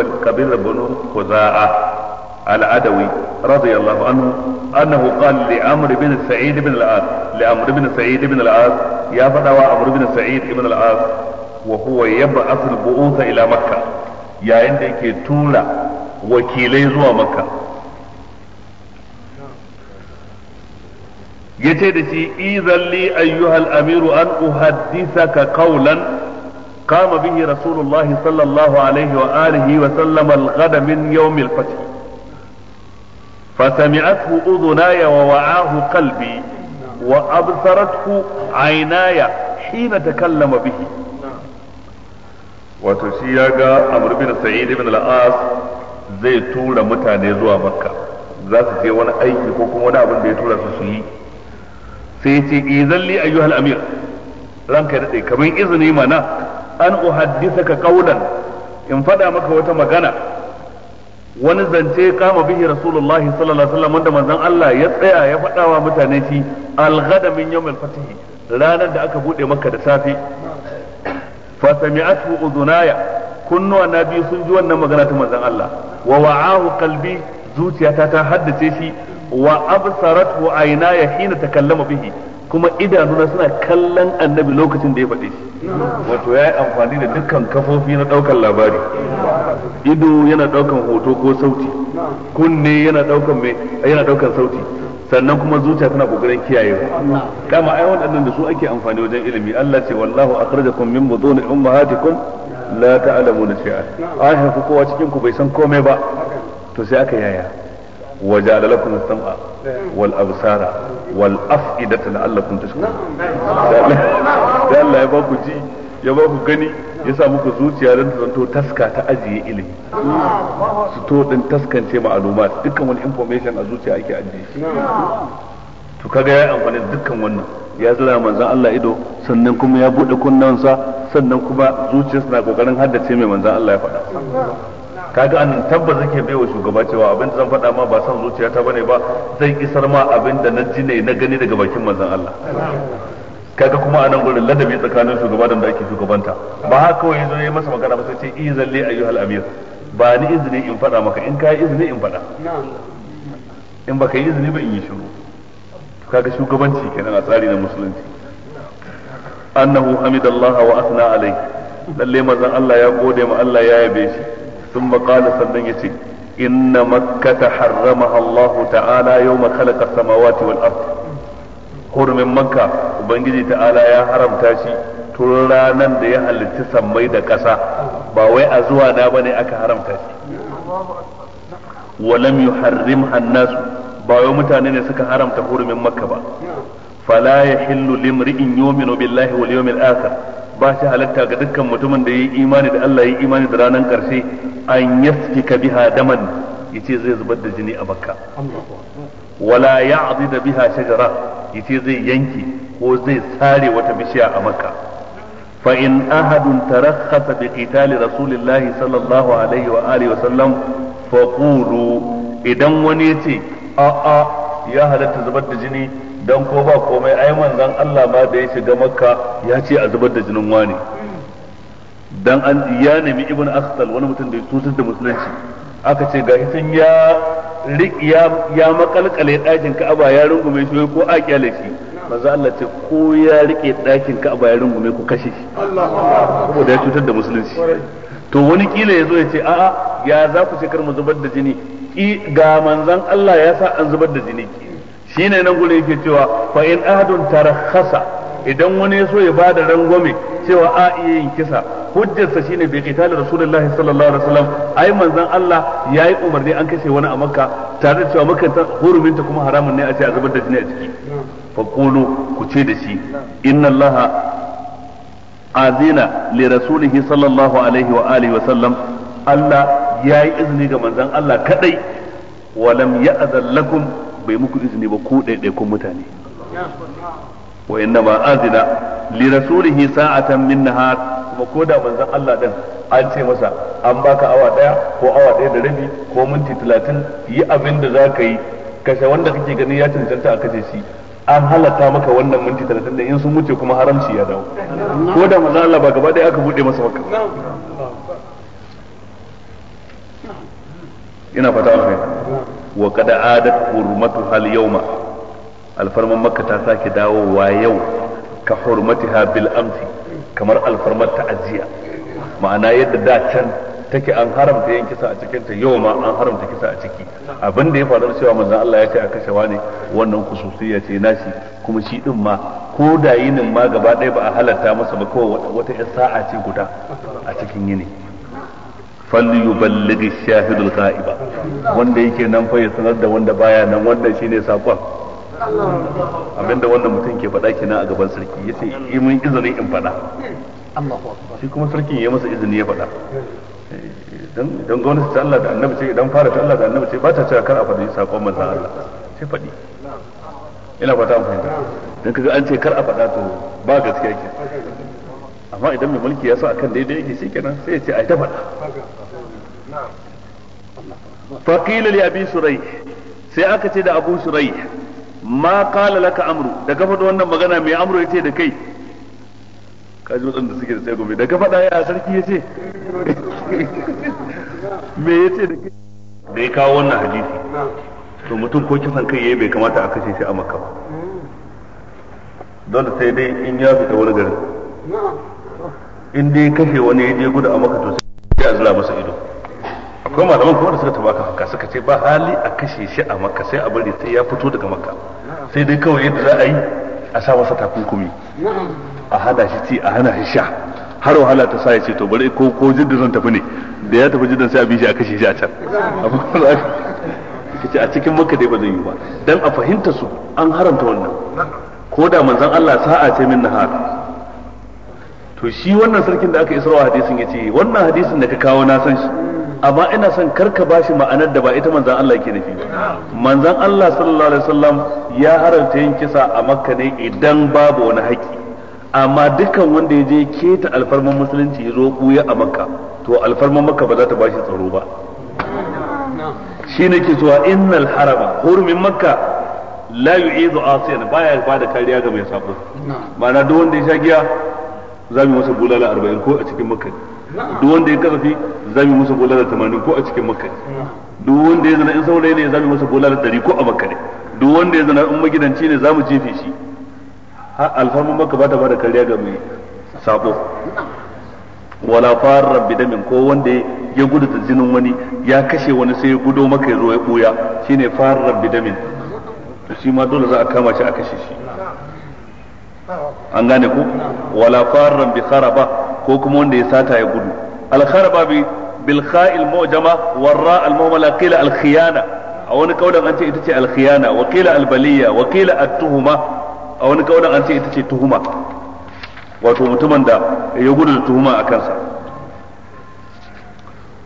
العدوي رضي الله عنه أنه قال لعمر بن سعيد بن العاص لعمر بن سعيد بن العاص يا فتى عمر بن سعيد بن العاص وهو يبعث البؤوس إلى مكة يا عندك تولى وكيلي زوى مكة يتدسي إذا لي أيها الأمير أن أحدثك قولا قام به رسول الله صلى الله عليه وآله وسلم الغد من يوم الفتح فسمعته أذناي ووعاه قلبي وأبصرته عيناي حين تكلم به wato shi ya ga Amr bin Sa'id ibn al zai tura mutane zuwa Makka za su je wani aiki ko kuma wani abin da ya tura su su yi sai ce izalli ayyuhal amir ranka ya dade kamar izini mana an uhaddisaka qawlan in faɗa maka wata magana wani zance kama bihi rasulullahi sallallahu alaihi wasallam wanda manzon Allah ya tsaya ya faɗa wa mutane shi alghada min yawmil fatih ranar da aka bude maka da safe fa sami'atu udunaya kunnuwa na biyu sun ji wannan magana ta manzon Allah wa wa'ahu qalbi zuciyata ta haddace shi wa absaratu aynaya hina takallama bihi kuma idanuna suna kallon annabi lokacin da ya faɗi wato ya yi amfani da dukkan kafofi na ɗaukan labari ido yana ɗaukan hoto ko sauti kunne yana ɗaukan mai yana ɗaukan sauti sannan kuma zuciya tana kokarin kiyaye dama ai waɗannan da su ake amfani wajen ilimi Allah ce wallahu akhrajakum min budun ummahatikum la ta'lamuna shay'a ai haka kowa cikin ku bai san komai ba to sai aka yaya وجعل لكم السمع والابصار والافئده لعلكم تشكرون da Allah ya ba ku ji ya ba ku gani ya sa muku zuciya don zanto taska ta ajiye ilimi su to din taskance ma'alumat dukkan wani information a zuciya ake ajiye shi to kaga ya amfani dukkan wannan ya zira manzan Allah ido sannan kuma ya bude kunnansa sannan kuma zuciyarsa na kokarin haddace mai manzan Allah ya faɗa kaga an tabbas zake bai wa shugaba cewa abin da zan faɗa ma ba san zuciya ta bane ba zan isar ma abin da na jine ne na gani daga bakin manzon Allah kaga kuma a nan gurin ladabi tsakanin shugaba da ake shugabanta ba haka kawai yazo yayi masa magana ba sai ce izan li ayyuhal amir ba ni izini in faɗa maka in kai izini in faɗa in baka yi izini ba in yi shiru kaga shugabanci kenan a tsari na musulunci annahu hamidallahu wa asna alai lalle manzon Allah ya gode ma Allah ya yabe shi ثم قال صدق إن مكة حرمها الله تعالى يوم خلق السماوات والأرض hurumin makka ubangiji ta'ala ya haramta shi tun ranar da ya halitta sammai da ƙasa ba wai a zuwa na bane aka haramta shi walam yuharrim hannasu ba wai mutane ne suka haramta hurumin makka ba fala yahillu limri'in yuminu billahi wal yawmil akhir ba shi halatta ga dukkan mutumin da ya yi imani da Allah ya yi imani da ranar karshe an yasfika biha daman ce zai zubar da jini a bakka wala ya'dhi da biha shajara yace zai yanki ko zai sare wata bishiya a makka fa in ahadun tarakhasa bi qitali rasulillahi sallallahu alaihi wa alihi wa sallam fa qulu idan wani ya ce a'a, ya halatta zubar da jini don ko ba komai ai manzon Allah ma da ya shiga makka ya ce a zubar da jinin wani dan an ya nemi ibn akhtal wani mutum da ya tutar da musulunci aka ce ga hitun ya ya ya makalkale ɗakin ka'aba ya rungume shi ko a kyale shi manzo Allah ce ko ya rike ɗakin ka'aba ya rungume ko kashe shi saboda ya cutar da musulunci to wani kila ya zo ya ce a'a ya za ku ce kar mu zubar da jini ga manzan Allah ya sa an zubar da jini Shi ne nan gure yake cewa fa in ahadun tarakhasa idan wani ya so ya bada rangwame cewa a iya yin kisa hujjarsa shine bi da rasulullahi sallallahu alaihi wasallam ai manzon Allah yayi umarni an kashe wani a makka tare da cewa makka huruminta kuma haramun ne a ce a zubar da jini a ciki fa qulu ku ce da shi inna allaha azina li rasulihi sallallahu alaihi wa alihi wasallam Allah yayi izini ga manzon Allah kadai wa lam ya'zan lakum bai muku izini ba ku ɗaiɗaikun mutane wa inna ma azina li rasulihi sa'atan min nahar kuma ko da manzon Allah din an ce masa an baka awa daya ko awa daya da rabi ko minti talatin yi abin da za yi kashe wanda kake gani ya cancanta a kace shi an halatta maka wannan minti talatin da in sun wuce kuma haramci ya dawo ko da manzon Allah ba gaba daya aka bude masa maka ina fata mu fahimta wa kada adat hurmatu hal yawma alfarman makka ta sake dawowa yau ka ha bil amsi kamar alfarmar ta ajiya ma'ana yadda da can take an haramta yin kisa a cikin ta yau ma an haramta kisa a ciki abin da ya faru da cewa manzon Allah ya ce a kashe, wani wannan kususiyya ce nashi kuma shi din ma ko da yinin ma gaba ɗaya ba a halatta masa ba kawai wata sa'a ce guda a cikin yini falyuballighi shahidul ghaiba wanda yake nan fa ya sanar da wanda baya nan wannan shine sakon abinda wanda mutum ke faɗa kenan a gaban sarki yace yi mun izinin in faɗa shi kuma sarkin ya masa izini ya faɗa don gwamnati ta Allah da annabi ce idan fara ta Allah da annabi ce ba ta cewa kar a faɗi sakon manzon Allah sai faɗi ina fata an fahimta don kaga an ce kar a faɗa to ba gaskiya ke amma idan mai mulki ya sa akan daidai yake kenan sai ya ce ai ta faɗa faqila li abi surai sai aka ce da abu surai ma qala laka amru da gafa da wannan magana mai amru yace da kai ka ji da suke da sai gobe da gafa da ya sarki yace me yace da kai bai kawo wannan hadisi to mutum ko kisan kai yayi bai kamata a kashe shi a makka ba dole sai dai in ya fita wani garin in dai kashe wani ya je gudu a maka to sai a zura masa ido akwai malaman kuma da suka taba ka haka suka ce ba hali a kashe shi a maka sai a bari sai ya fito daga maka sai dai kawai yadda za a yi a sa masa takunkumi a hada shi ci a hana shi sha har wahala ta sa ya ce to bari ko ko jidda zan tafi ne da ya tafi jiddan sai a bi shi a kashe shi a can kace a cikin maka dai ba zai yi ba dan a fahimta su an haramta wannan ko da manzon Allah sa'a ce min haka. to shi wannan sarkin da aka isarwa hadisin ya ce wannan hadisin da ka kawo na san shi amma ina son karka shi ma'anar da ba ita manzan Allah ke nufi manzan Allah sallallahu alaihi wasallam ya haramta yin kisa a makka ne idan babu wani haƙi amma dukkan wanda ya je keta alfarman musulunci ya zo ɓuya a makka to alfarman makka ba za ta bashi tsaro ba shi ne ke zuwa innal harama hurumin makka la yu'idu asiyan baya ba da kariya ga mai sabo ma'ana duk wanda ya sha giya za mu masa bulala arba'in ko a cikin makka duk wanda ya kasafi za mu masa bulala tamanin ko a cikin makka duk wanda ya zana in saurayi ne za mu masa bulala dari ko a makka ne duk wanda ya zana in magidanci ne za mu jefe shi har alfarmin makka ba ta ba da kariya ga mai sabo wala far rabbi damin ko wanda ya gudu da jinin wani ya kashe wani sai ya gudo maka ya zo ya buya shine far rabbi damin to shi ma dole za a kama shi a kashe shi an gane ku wala farran bi kharaba ko kuma wanda ya sata ya gudu al kharaba bi bil kha'il mu'jama warra al mu'mala qila al khiyana a wani kaulan an ce ita ce al khiyana wa qila al baliya wa qila at tuhuma a wani kaulan an ce ita ce tuhuma wato mutumin da ya gudu da tuhuma a kansa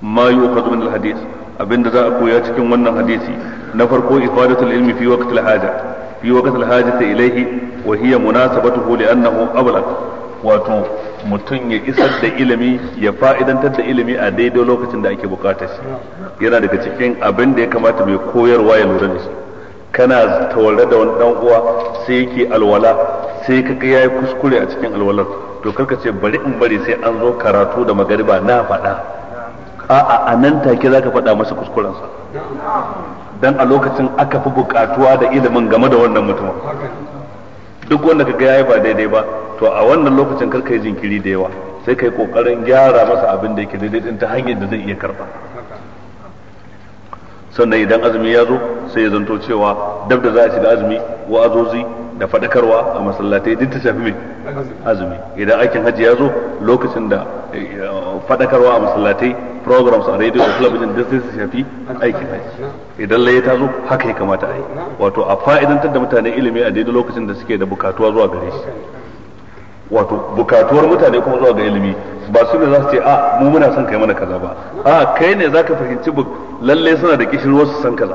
ma yu'khadhu min al hadith abinda za a koya cikin wannan hadisi na farko ifadatul ilmi fi waqtil haja في وقت الحاجة إليه وهي wa لأنه أبلغ wato mutum ya isar da ilimi ya fa'idantar da ilimi a daidai lokacin da ake bukatar shi yana daga cikin abin da ya kamata mai koyarwa ya lura da shi kana taure da wani dan uwa sai yake alwala sai kaga ya yayi kuskure a cikin alwalar to karka ce bari in bari sai an zo karatu da magariba na faɗa a'a a nan take ka faɗa masa kuskurensa dan a lokacin aka fi bukatuwa da ilimin game da wannan mutumin duk wanda ka ga yayi ba daidai ba to a wannan lokacin karka yi jinkiri da yawa sai kai kokarin gyara masa abin da yake daidai din ta hanyar da zai iya karba sannan idan azumi ya zo sai ya zanto cewa dab da za a ci shiga azumi wa'azozi da faɗakarwa a masallatai duk ta shafi mai azumi idan aikin hajji ya zo lokacin da eh, faɗakarwa a masallatai programs a radio da television da sai su shafi aikin aiki idan laye ta zo haka ya kamata a yi wato a fa'idantar da mutane ilimi a daidai lokacin da suke da bukatuwa zuwa gare shi wato bukatuwar mutane kuma zuwa ga ilimi ba su ne za su ce a mu muna son kai mana kaza ba a kai ne zaka fahimci lalle suna da kishirwar su san kaza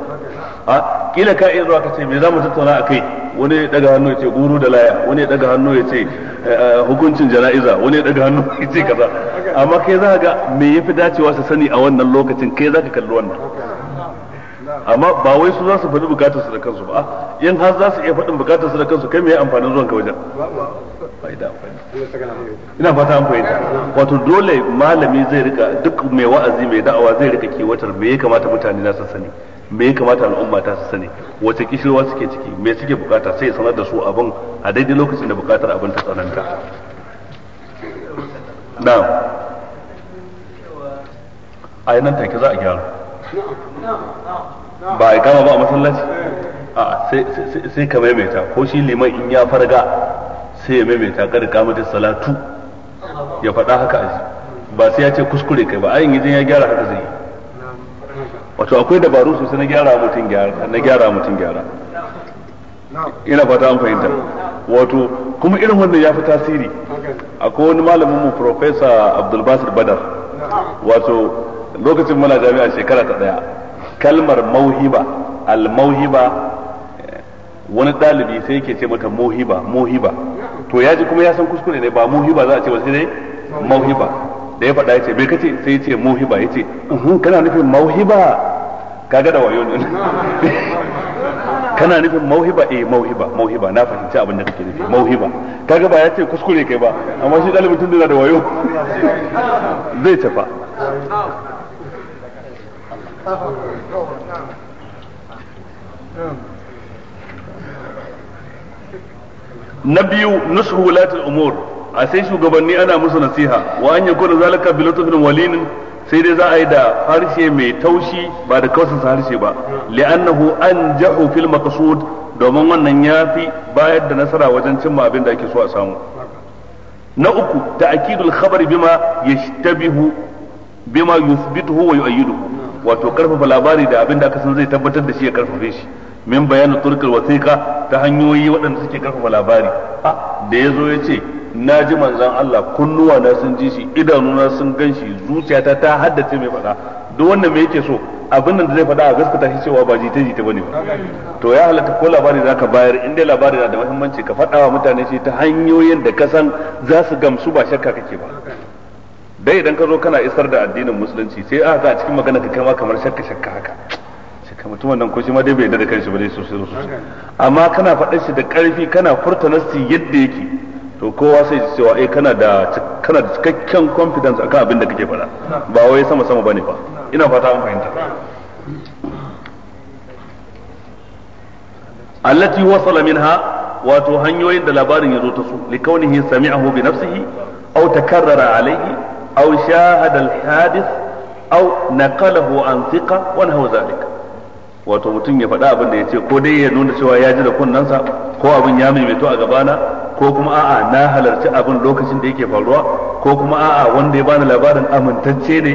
a kila ka iya zuwa ka ce me za mu tattauna a kai wani ya daga hannu ya ce guru da laya wani ya daga hannu ya ce eh, eh, hukuncin jana'iza wani ya daga hannu ya ce kaza amma kai za ga me ya fi dacewa su sani a wannan lokacin kai za ka kalli wannan amma ba wai su za su faɗi bukatar su da kansu ba in har za su iya faɗin bukatar su da kansu kai me amfani zuwan ka wajen ina fata an fahimta wato dole malami zai rika duk mai wa'azi mai da'awa zai rika kiwatar me ya kamata mutane na sani me ya kamata al'umma ta su sani wace kishirwa suke ciki me suke bukata sai ya sanar da su abin a daidai lokacin da bukatar abin ta tsananta na a nan take za a gyara ba a gama ba a masallaci a sai ka maimaita ko shi liman in ya farga sai ya maimaita kada kamata salatu ya faɗa haka a ba sai ya ce kuskure kai ba ayin yi ya gyara haka zai yi wato akwai dabaru sosai na gyara mutum gyara na gyara mutum gyara ina fata an fahimta wato kuma irin wannan ya fi tasiri akwai wani malamin mu Profesa Abdul Basir Badar wato lokacin muna jami'a shekara ta daya kalmar mauhiba al mauhiba eh, wani dalibi sai yake ce mata mohiba mohiba to ya ji kuma ya san kuskure ne ba mohiba za a ce ba sai dai mauhiba da ya faɗa ya ce me kace sai ya ce mauhiba ya ce kana nufin mauhiba kaga da wayo ne kana nufin mauhiba eh mauhiba mauhiba na fahimci abin da kake nufi mauhiba kaga ba ya ce kuskure kai ba amma shi dalibin tun da da wayo zai tafa na biyu nushu wulatul umur a sai shugabanni ana musu nasiha wa an yakuna zalika bi lutfin walin sai dai za a yi da harshe mai taushi ba da kausansa harshe ba li'annahu jahu fil maqsud domin wannan yafi bayar da nasara wajen cimma abin da ake so a samu na uku ta'kidul khabari bima yashtabihu bima yuthbituhu wa yu'ayyiduhu wato karfafa labari da abin da aka san zai tabbatar da shi ya karfafe shi min bayanin turkar wasiƙa ta hanyoyi waɗanda suke karfafa labari ah, da yazo ya ce na ji manzan Allah kunnuwa na sun ji shi idanuna sun gan shi zuciyata ta haddace mai faɗa duk wanda me yake so abin da zai faɗa a gaskata shi cewa ba jita jita bane ba to ya halatta ko labari zaka bayar in dai labari na da muhimmanci ka faɗa wa mutane shi ta hanyoyin da ka san za su gamsu ba shakka kake ba dai idan ka zo kana isar da addinin musulunci sai a ga cikin magana ka kai ma kamar shakka shakka haka shakka mutumin nan ko shi ma dai bai yarda da kanshi ba dai sosai sosai amma kana faɗa shi da ƙarfi kana furta nasti yadda yake to kowa sai ji cewa eh kana da kana da cikakken confidence akan abin da kake faɗa ba wai sama sama bane ba ina fata mun fahimta allati wasala minha wato hanyoyin da labarin ya zo ta su kaunihi sami'ahu bi nafsihi aw takarrara alayhi aw shahada al-hadith aw naqalahu an thiqa wa nahwa zalika wato mutum ya faɗa abin da ya ce ko dai ya nuna cewa ya ji da kunnansa ko abin ya maimaito a gabana ko kuma a'a na halarci abin lokacin da yake faruwa ko kuma a'a wanda ya bani labarin amintacce ne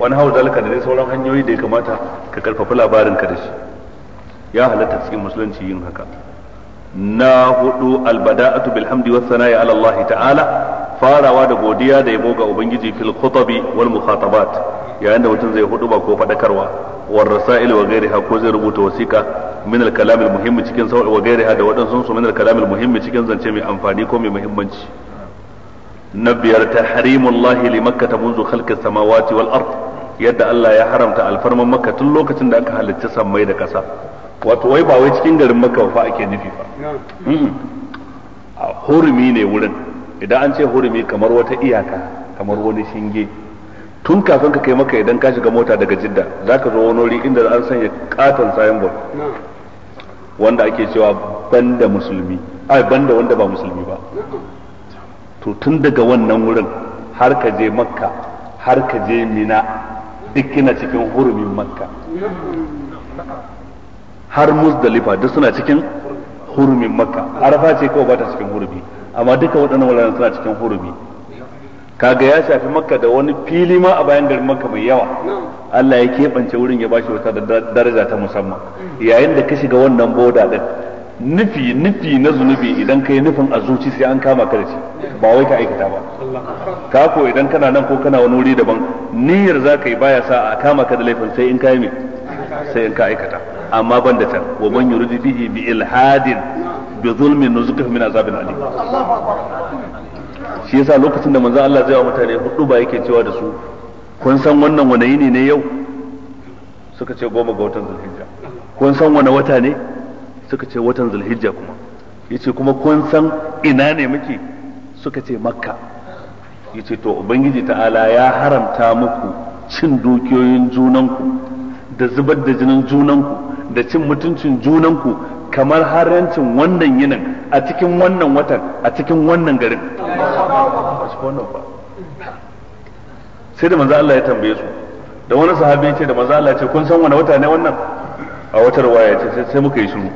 wani hau dalika da dai sauran hanyoyi da ya kamata ka karfafi labarin ka da shi ya halatta cikin musulunci yin haka na hudu albada'atu bilhamdi was sana'i ala Allah ta'ala farawa da godiya da yabo ga ubangiji fil khutabi wal mukhatabat yayin da mutum zai hudu ba ko fadakarwa war rasail wa ghairiha ko zai rubuta wasiqa min cikin sawa wa da wadansu su min al kalam cikin zance mai amfani ko mai muhimmanci na biyar tahrimullahi li makkah منذ khalqi samawati wal ard yadda Allah ya haramta alfarma makka tun lokacin da aka halarci samai da ƙasa wato wai ba wai cikin garin makka fa ake nufi fa hurumi ne wurin idan an ce hurumi kamar wata iyaka kamar wani shinge tun kafin ka kai maka idan ka shiga mota daga jidda za ka zo wani wuri inda an sanya katon signboard wanda ake cewa banda musulmi ai banda wanda ba musulmi ba to tun daga wannan wurin har ka je makka har ka je mina duk kina cikin hurumin makka har musdalifa duk suna cikin hurumin makka arafa ce kawai ba ta cikin hurumi amma duka waɗannan wuraren suna cikin hurumi kaga ya shafi makka da wani fili ma a bayan garin makka mai yawa Allah ya keɓance wurin ya bashi wata daraja ta musamman mm. yayin da ka shiga wannan boda din nufi nufi na zunubi idan ka yi nufin a zuci sai an kama ka da shi ba wai ka aikata ba ka ko idan kana nan ko kana wani wuri daban niyyar za ka yi baya sa a kama ka da laifin sai in ka yi sai in ka aikata amma ban da can wa man yuridu bihi bi ilhadin bi zulmin nuzuqu min azabin alim shi yasa lokacin da manzon Allah zai wa mutane hudu ba yake cewa da su kun san wannan wani yini ne yau suka ce goma ga watan zulhijja kun san wani wata ne suka ce watan zulhijja kuma yace kuma kun san ina ne muke suka ce makka yace to ubangiji ta'ala ya haramta muku cin dukiyoyin junanku da zubar da jinin junanku da cin mutuncin junanku kamar harancin wannan yinin a cikin wannan watan a cikin wannan garin sai da manzo Allah ya tambaye su da wani sahabi ce da manzo Allah ce kun san wani wata ne wannan a wata riwaya ce sai muka yi shiru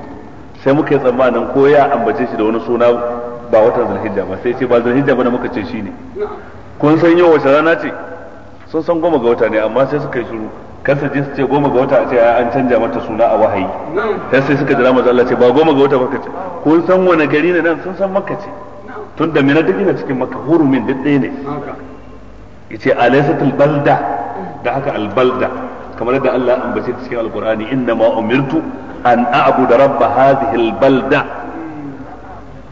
sai muka yi tsammanin ko ya ambace shi da wani suna ba watan zulhijja ba sai ce ba zulhijja ba da muka ce shine kun san yau wace rana ce sun san goma ga wata ne amma sai suka yi shiru Kansa su je su ce goma ga wata a ce an canja mata suna a wahayi sai sai suka jira manzo Allah ce ba goma ga wata baka ce kun san wani gari ne nan sun san makka ce tun da mina duk cikin makka hurumin duk ɗaya ne yace alaysatul balda da haka albalda kamar yadda Allah an bace cikin alqur'ani inna ma umirtu an a'budu rabb hadhihi albalda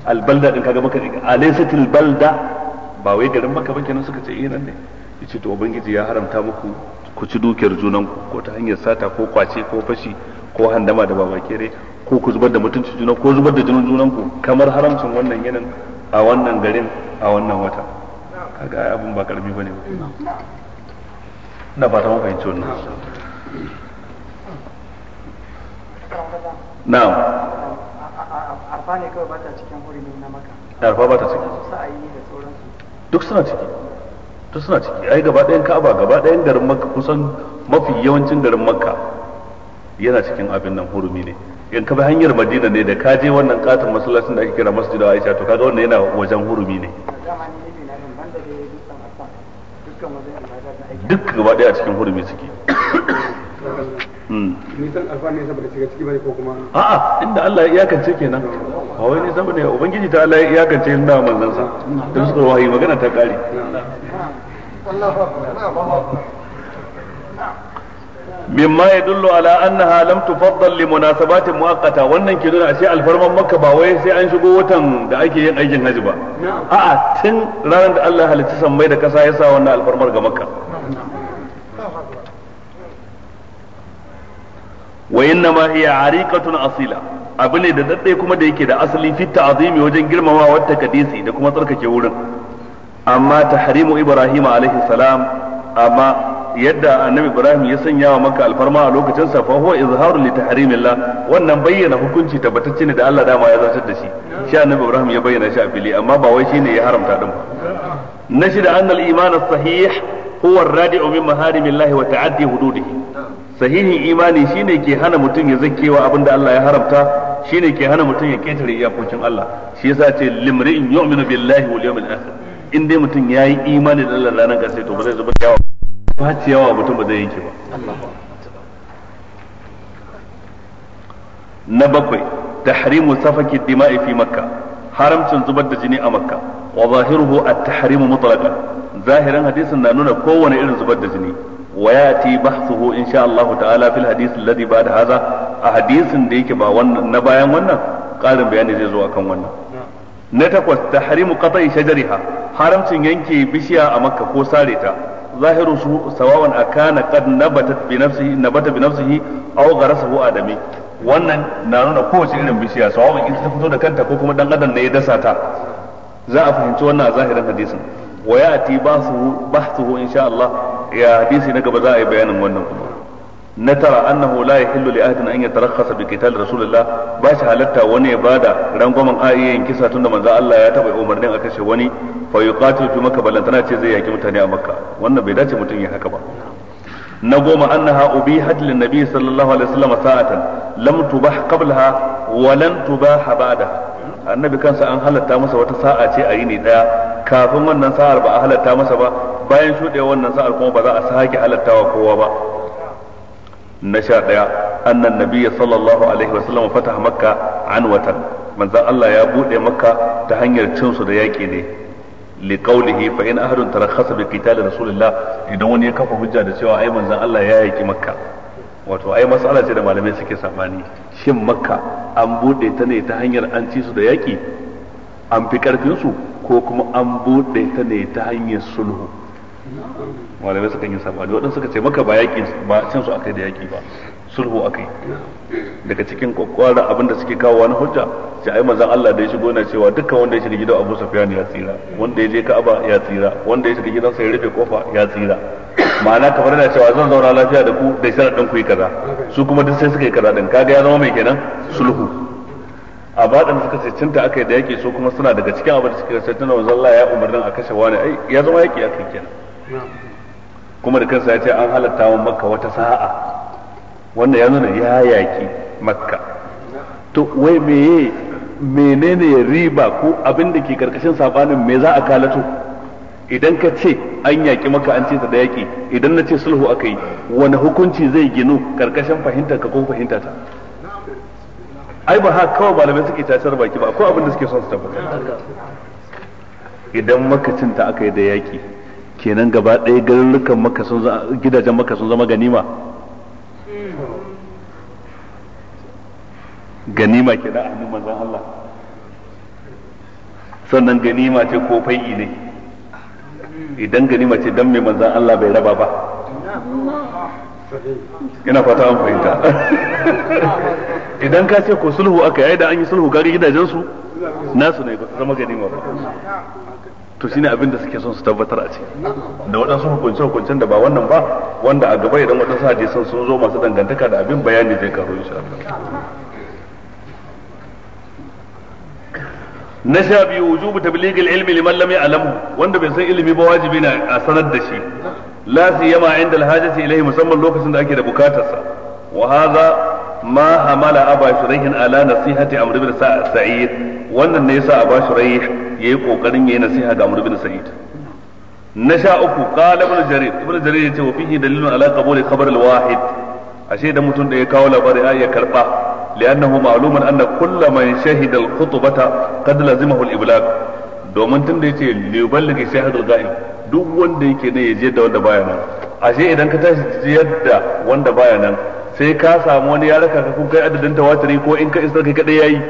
albalda din kaga maka alaysatul balda ba wai garin makka ba kenan suka ce eh nan ne yace to ubangiji ya haramta muku ku ci dukiyar junanku ko ta hanyar sata ko kwace ko fashi ko handama da babakere ko ku zubar da mutunci junan ko zubar da jinin junanku kamar haramcin wannan yanin a wannan garin a wannan wata kaga abin ba karami bane ba ina fata mun fahimci wannan na'am arfa ne kawai ba ta cikin hurumi na maka arfa ba ta cikin duk suna ciki duk suna ciki ai gaba ɗayan ka'aba gaba ɗayan garin makka kusan mafi yawancin garin makka yana cikin abin nan hurumi ne in ka bi hanyar madina ne da ka je wannan katon masallacin da ake kira Masjid aisha to kaga wannan yana wajen hurumi ne duk gaba ɗaya a cikin hurumi suke hmm. nisan ne saboda shiga ciki ko kuma a'a inda Allah ya iyakance kenan ba wai nisan bane ubangiji ta Allah ya iyakance inda manzansa da dan suka wahayi magana ta kare mimma ya dullo ala annaha lam tufaddal li wannan ke nuna ashe alfarman makka ba wai sai an shigo watan da ake yin aikin haji ba a'a tun ranar da Allah halitta sammai da kasa ya sa wannan alfarmar ga makka wa inna ma hiya ariqatun asila abu ne da daddai kuma da yake da asali fitta azimi wajen girmamawa wa takadisi da kuma tsarkake wurin amma tahrimu ibrahim alaihi salam amma yadda annabi ibrahim ya sanya wa maka alfarma a lokacin sa fa huwa izharu li tahrimillah wannan bayyana hukunci tabbatacce ne da Allah dama ya zartar da shi shi annabi ibrahim ya bayyana shi a fili amma ba wai shine ya haramta din ba na shida anna al-iman as-sahih huwa radiu min maharimillah wa ta'addi hududihi sahihin imani shine ke hana mutum ya zakewa abinda Allah ya haramta shine ke hana mutum ya ketare iyakokin Allah shi yasa ce limri'in yu'minu billahi wal yawmil akhir in dai mutum ya yi imani da Allah ranar ƙarshe to ba zai zubar yawa ba ci yawa mutum ba zai yanke ba na bakwai tahrimu safaki dima'i fi makka haramcin zubar da jini a makka wa zahiruhu at-tahrimu mutlaqan zahirin hadisin na nuna kowane irin zubar da jini wa yati bahsuhu insha Allah ta'ala fil Ladi ba da haza a hadisin da yake ba na bayan wannan ƙarin bayani zai zo akan wannan na takwas tahrimu qata'i shajariha haramcin yanke bishiya a makka ko sare ta zahiru su sawawan a kana nabatat bi nafsihi nabata bi nafsihi aw gharasahu adami wannan na nuna kowace irin bishiya sawawan in ta fito da kanta ko kuma dan adam ne ya dasa ta za a fahimci wannan a zahirin hadisin wa ya'ti bahsuhu bahsuhu insha Allah ya hadisi na gaba za a yi bayanin wannan kuma na tara annahu la yahillu li ahadin an yatarakhasa bi qital rasulullah ba shi halatta wani ya bada rangwamen ayyayin kisa tunda manzo Allah ya taba umarnin a kashe wani fa yuqatil fi makka ce zai yaki mutane a makka wannan bai dace mutum ya haka ba na goma annaha ubihat lin nabi sallallahu alaihi wasallam sa'atan lam tubah qablaha wa lan tubah annabi kansa an halatta masa wata sa'a ce a yini daya kafin wannan sa'ar ba a halatta masa ba bayan shuɗe wannan sa'ar kuma ba za a sake halattawa kowa ba na sha ɗaya annan nabiya sallallahu alaihi wasallam fataha makka an watan manzon Allah ya buɗe makka ta hanyar cin su da yaƙi ne li qawlihi fa in ahadun tarakhasa bi qital rasulillah idan wani ya kafa hujja da cewa ai manzon Allah ya yaƙi makka wato ai mas'ala ce da malamai suke sabani shin makka an buɗe ta ne ta hanyar an ci su da yaƙi an fi karfin su ko kuma an buɗe ta ne ta hanyar sulhu malamai sukan yi sabani waɗanda suka ce maka ba yaƙi ba cin su akai da yaƙi ba sulhu akai daga cikin kwakwara abin da suke kawowa na hujja sai ai manzon Allah da ya shigo na cewa dukkan wanda ya shiga gidan Abu Sufyan ya tsira wanda ya je Ka'aba ya tsira wanda ya shiga gidan sa ya rufe kofa ya tsira ma'ana kamar da cewa zan zauna lafiya da ku da sharadin ku yi kaza su kuma duk sai suka yi kaza din kaga ya zama mai kenan sulhu a baɗin suka ce cinta aka yi da yaƙi su kuma suna daga cikin abin da suke sai tunan Allah ya umarnin a kashe wani ai ya zama yaƙi akai kenan kuma da kansa ya ce an halatta wa makka wata sa'a wannan ya nuna ya yaki makka to wai meye menene riba ko abin da ke karkashin sabanin me za a kalato idan ka ce an yaki maka an ce ta da yaki idan na ce sulhu aka yi wani hukunci zai ginu karkashin fahimtar ka ko fahimta ta ai ba haka kawai malamai suke tashar baki ba ko abin da suke son su tabbatar idan makacin ta aka yi da yaki kenan gaba ɗaya garurrukan gidajen maka sun zama ganima ganima ke da hannun manzon Allah sannan ganima ce ko fai'i ne idan ganima ce dan mai manzan Allah bai raba ba ina fata an fahimta idan ka ce ko sulhu aka yi da an yi sulhu gari gidajensu su nasu ne ba zama ganima ba to shi ne abin da suke son su tabbatar a ciki da waɗansu hukunce hukuncen da ba wannan ba wanda a gaba idan waɗansu hadisan sun zo masu dangantaka da abin bayani zai karo insha na sha biyu wujubu tablighil ilmi liman lam ya'lamu wanda bai san ilimi ba wajibi na a sanar da shi la siyama inda alhajati ilayhi musamman lokacin da ake da bukatarsa wa hadha ma hamala aba shuraihin ala nasihati amr bin sa'id wannan ne yasa aba shuraih yayi kokarin yi nasiha ga Amr bin Sa'id na sha uku qala ibn Jarir ibn Jarir ya ce wa fihi dalilun ala qabuli khabar al-wahid ashe da mutum da ya kawo labari ya karba li'annahu ma'lumun anna kullu man shahida al-khutbata qad lazimahu al-iblaq domin da yace liyuballigi shahidul ga'ib duk wanda yake ne yaje da wanda baya nan ashe idan ka tashi jiyar da wanda baya nan sai ka samu wani ya raka ka kun kai adadin tawatiri ko in ka isa kai kadai yayi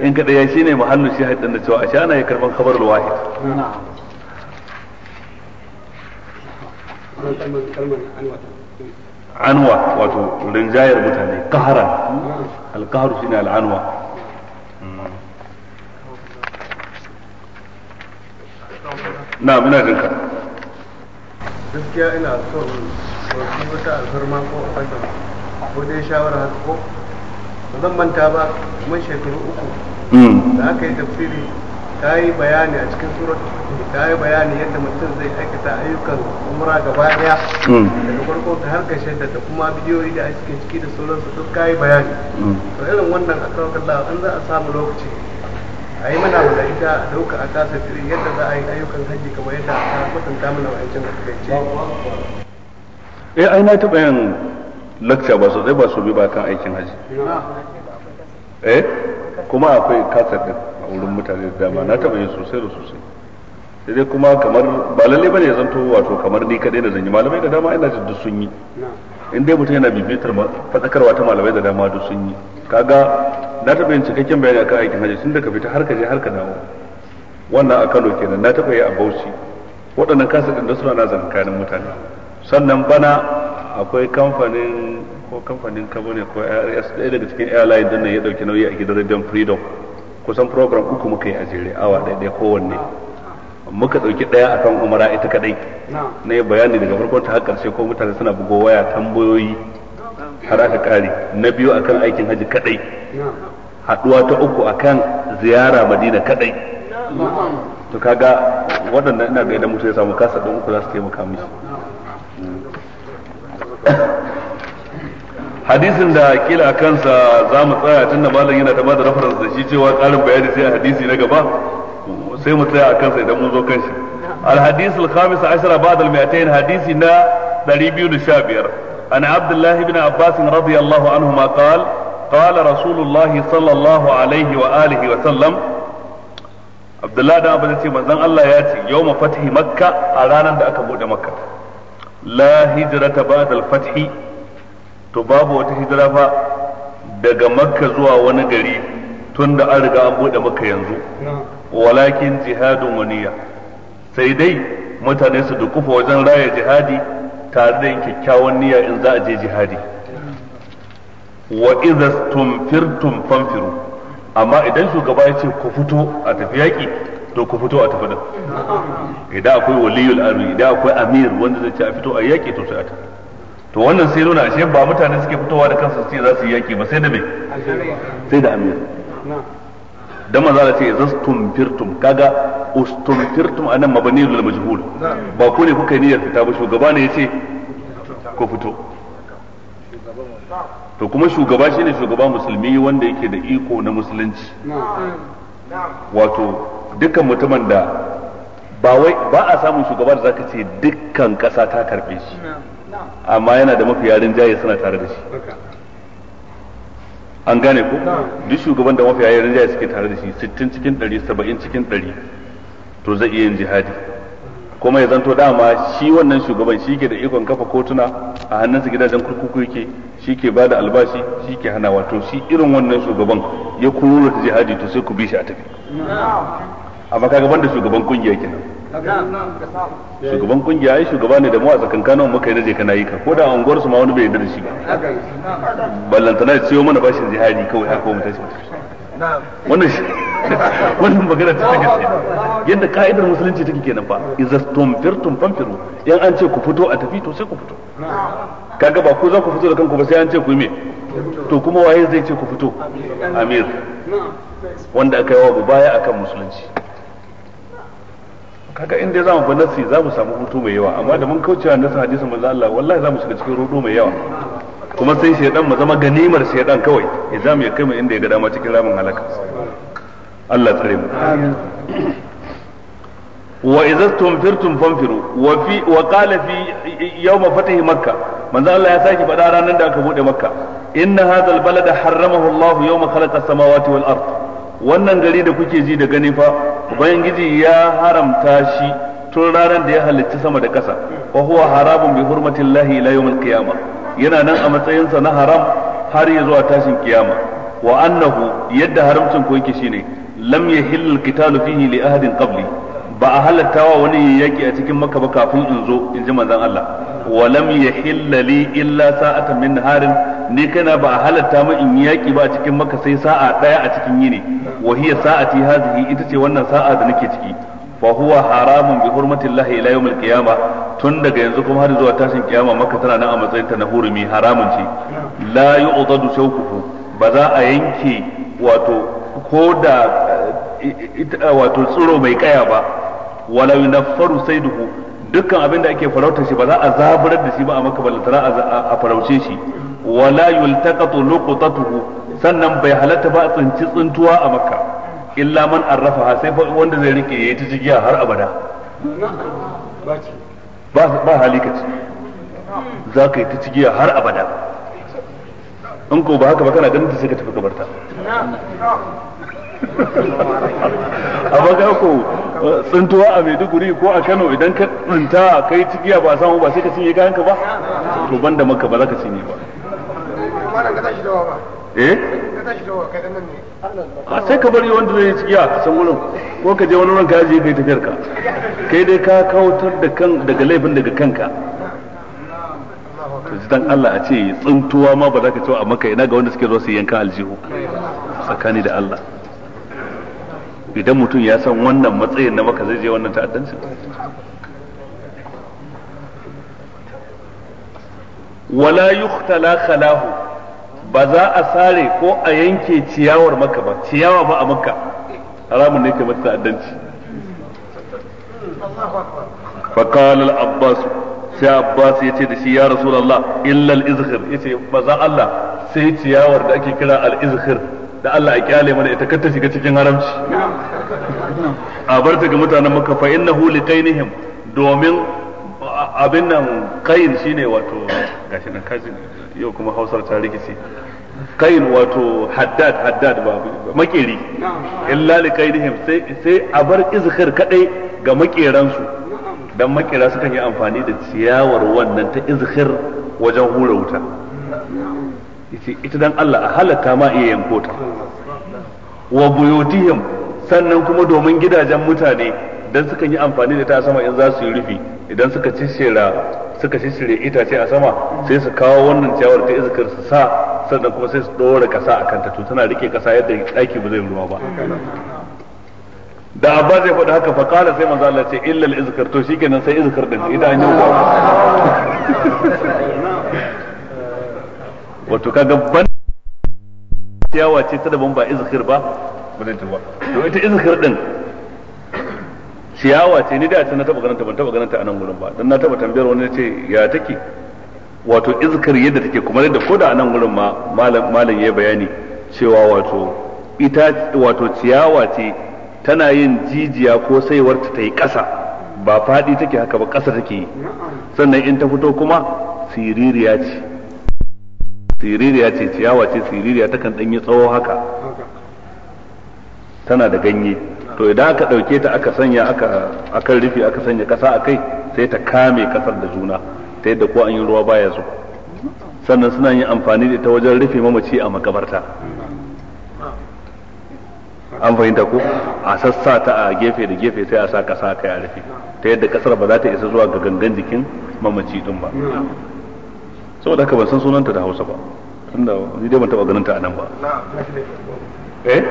in kada ya shine mahallu shahid din da cewa ashana ya karban khabarul wahid anwa wato rinjayar mutane qahran alqahru shine al'anwa na muna jinka gaskiya ina son wata alfarma ko a ko dai shawara ko zan manta ba kuma shekaru uku hmm. da aka yi tafsiri ta yi bayani a cikin surat ta yi bayani yadda mutum zai aikata ayyukan umra gaba daya hmm. daga farko ta har kashe da kuma bidiyoyi da ake ciki da sauransu duk ka yi bayani hmm. to irin wannan a kawakalla an za a samu lokaci a yi mana da ita a ɗauka a tasa yadda za a yi ayyukan hajji kamar yadda a kwatanta mana wa'ancin a Eh, ai na taɓa yin lakca ba sosai ba su bi ba kan aikin haji eh kuma akwai kasar din a wurin mutane da dama na taɓa yin sosai da sosai sai dai kuma kamar ba lalle bane ya zanto wato kamar ni kadai da zanyi malamai da dama ina jin duk sun yi in dai mutum yana bibiyar fadakarwa ta malamai da dama duk sun yi kaga na taɓa yin cikakken bayani akan aikin haji tun daga fita har ka je har ka dawo wannan a Kano kenan na taba yi a Bauchi waɗannan kasar da suna na zankanin mutane sannan bana akwai kamfanin ko kamfanin kabo ne ko ARS ɗaya daga cikin airline din nan ya dauki nauyi a gidan Radio Freedom kusan program uku muka yi a jere awa ɗaya ɗaya kowanne muka ɗauki ɗaya akan umara ita kadai na yi bayani daga farkon ta har ƙarshe ko mutane suna bugo waya tambayoyi har aka kare na biyu akan aikin haji kadai haduwa ta uku akan ziyara madina kadai to kaga waɗannan ina ga idan mutum ya samu kasa don uku za su taimaka mishi hadisin da kila a kansa za mu tsaya tun da malam yana ta bada rafaras da shi cewa karin bayani sai a hadisi na gaba sai mu tsaya a kansa idan mun zo kan shi alhadisul khamis ashara ba'da al-mi'atayn hadisi na 215 an abdullah ibn abbas radiyallahu anhu ma qala قال رسول الله صلى الله عليه وآله وسلم عبد الله دعا بذلك من ذن الله يأتي يوم فتح مكة أرانا دعا كبود مكة la hijrata ba'da al-fath to babu wata hijira ba daga makka zuwa wani gari tunda an riga an buɗe makka yanzu walakin jihadin waniya sai dai mutane su dukufa wajen raya jihadi tare da yin kyakkyawan niyya in za a je jihadi wa idza tumfirtum fanfiru amma idan shugaba ya ce ku fito a tafi yaƙi to ku fito a tafi da idan akwai waliyul amir idan akwai amir wanda zai ce a fito a yaƙi to sai a tafi to wannan sai nuna ashe ba mutane suke fitowa da kansu sai za su yi yaƙi ba sai da me sai da amir dan manzo Allah ce izastum firtum kaga ustumfirtum anan mabani lil majhul ba ku ne kuka niyyar fita ba shugaba ne yace ku fito to kuma shugaba shine shugaba musulmi wanda yake da iko na musulunci wato dukkan mutumin da ba wai ba a samun shugaba da zaka ce dukkan kasa ta karbe shi amma yana da mafi yarin jaye suna tare da shi an gane ko duk shugaban da mafi yarin jaye suke tare da shi 60 cikin 100 70 cikin 100 to zai iya yin jihadi kuma ya zanto dama shi wannan shugaban shi ke da ikon kafa kotuna a hannunsa gidajen kurkuku yake shi ke bada albashi shi ke hana wato shi irin wannan shugaban ya kurura ta jihadi to sai ku bi shi a tafi amma kaga banda shugaban kungiya kenan shugaban kungiya ai shugaba ne da mu a tsakankanin muka yi da kana yi ka ko da unguwar su ma wani bai yarda da shi ba ballantana ya ciyo mana bashin jihadi kawai haka mu tashi wannan shi wannan magana ta take yadda ka'idar musulunci take kenan fa idza tumfirtum fanfiru in an ce ku fito a tafi to sai ku fito kaga ba ku za ku fito da kanku ba sai an ce ku yi me to kuma waye zai ce ku fito amir wanda aka yi wa baya akan musulunci kaga in dai zamu bi za mu samu hutu mai yawa amma da mun kauce kaucewa nasi hadisin manzo Allah wallahi mu shiga cikin rudu mai yawa kuma sai shedan mu zama ganimar shedan kawai ya mu ya kai mu inda ya ga dama cikin ramin halaka Allah tsare mu wa idza tunfirtum fanfiru wa fi wa qala fi yawm fatih makkah manzo Allah ya saki faɗa ranar da aka bude makka inna hadha albalada harramahu Allah yawma khalaqa as-samawati wal ard wannan gari da kuke ji da gani fa ubangiji ya haramta shi tun ranar da ya halicci sama da ƙasa wa huwa mai bi lahi ila yawmil yana nan a matsayinsa na haram har ya zuwa tashin kiyama wa annahu yadda haramcin ko yake shine lam yahillu alqitalu fihi li ahadin qabli ba a halatta wa wani yaki a cikin makka ba kafin in zo in ji manzon Allah wa lam yahilla li illa sa'atan min harin ni kana ba halatta ma in yi yaki ba cikin maka sai sa'a daya a cikin yini wa hiya sa'ati hazihi ita ce wannan sa'a da nake ciki fa huwa haramun bi hurmatillahi ila yawmil qiyamah tun daga yanzu kuma har zuwa tashin kiyama maka tana nan a matsayin ta na hurumi haramun ce la yu'dadu shawkuhu ba za a yanke wato koda eh, eh, ita eh, wato tsiro mai kaya ba wala yunaffaru saiduhu dukkan abin da ake farautar shi ba za a zaburar da shi ba a maka ballantana a farauce shi wala yultaqatu luqtatuhu sannan bai halatta ba tsinci tsintuwa a makka illa man arrafa ha sai wanda zai rike yayi ta jigiya har abada ba ba halika ce za ka yi ta jigiya har abada in ko ba haka ba kana ganin ta sai ka tafi kabarta amma ga ko tsintuwa a Maiduguri ko a Kano idan ka tsinta kai cigiya ba samu ba sai ka cinye kayanka ba to banda maka ba za ka cinye ba eh a sai ka bari wanda zai tsiya a san wurin ko ka je wani wurin ka je kai tafiyar ka kai dai ka kautar da kan daga laifin daga kanka to dan Allah a ce tsuntuwa ma ba za ka ce a maka ina ga wanda suke zo su yanka aljihu tsakani da Allah idan mutum ya san wannan matsayin na maka zai je wannan ta'addanci wala yuhtala khalahu ba za a sare ko a yanke ciyawar maka ba ciyawa ba a maka haramun ne ke mata ta'addanci فقال العباس sai Abbas ya ce da shi ya Rasulullah illa al-izhir yace maza Allah sai ciyawar da ake kira al-izhir da Allah ya kyale mana ita kar ta shiga cikin haramci a bar ta ga mutanen Makka fa domin abin nan shine wato yau kuma hausar ta rikici kain wato haddad haddad ba makeri illa li kaidihim sai a bar izhir kadai ga su dan makera sukan yi amfani da ciyawar wannan ta izhir wajen hura wuta yace ita dan Allah a halaka ma iya yankota wa buyutihim sannan kuma domin gidajen mutane dan suka yi amfani da ita a sama in za su yi rufi idan suka cishira suka cishire itace a sama sai su kawo wannan ciyawar ta izkar su sa sannan kuma sai su dora kasa a kanta to tana rike kasa yadda daki ba zai ruwa ba da abba zai faɗi haka fa kala sai manzo Allah ce illa al izkar to shikenan sai izkar din idan an yi wato kaga ban ciyawa ce ta daban ba izkar ba ba to ita izkar din ciyawa ce ni da ce na taba ganin ban taba ganin a nan gurin ba dan na taba tambayar wani ce ya take wato izkar yadda take kuma da koda a nan gurin ma malam malam ya bayani cewa wato ita wato ciyawa ce tana yin jijiya ko saiwar ta yi ƙasa ba faɗi take haka ba ƙasa take yi sannan in ta fito kuma siririya ce siririya ce ciyawa ce siririya takan yi tsawo haka tana da ganye to idan aka ɗauke ta aka sanya aka akan rufi aka sanya ƙasa a kai sai ta kame ƙasar da juna ta yadda ko an yi ruwa baya zo sannan suna yin amfani da ita wajen rufe mamaci a makabarta an fahimta ko a sassa ta a gefe da gefe sai a sa ƙasa kai a rufe ta yadda ƙasar ba za ta isa zuwa ga gangan jikin mamaci din ba saboda haka ban san sunanta da Hausa ba tunda ni dai ban taɓa ganin ta a nan ba eh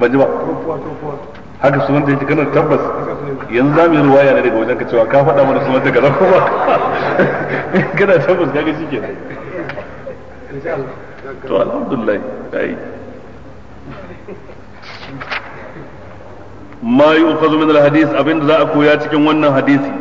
ba ji ba haka sunan ta yake kana tabbas yanzu za mu yi ruwaya ne daga wajen ka cewa ka faɗa mana sunan ta kaza kuma ba kana tabbas kaga shi kenan to alhamdulillah dai ma yu'khadhu min al-hadith abinda za a koya cikin wannan hadisi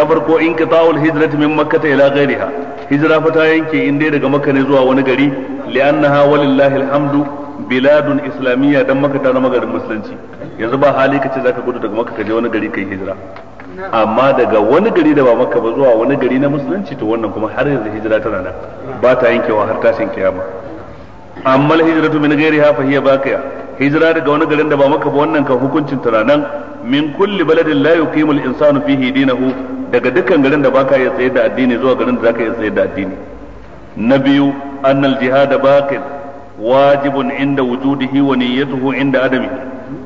na farko in ka tawul hijrat min makkah ila ghayriha hijra fa ta yanke in dai daga makka ne zuwa wani gari li'annaha walillahi alhamdu biladun islamiyya dan maka ta zama garin musulunci yanzu ba hali kace zaka gudu daga maka ka je wani gari kai hijira amma daga wani gari da ba maka ba zuwa wani gari na musulunci to wannan kuma har yanzu hijira tana nan ba ta yankewa har tashin kiyama amma hijratu min ha fa hiya baqiya hijira daga wani garin da ba maka ba wannan kan hukuncin tana nan min kulli baladin la yuqimul insanu fihi dinahu daga dukkan garin da baka iya tsaye da addini zuwa garin da zaka iya tsaye da addini na biyu annal jihad baqil wajibun inda wujudihi wa niyyatuhu inda adami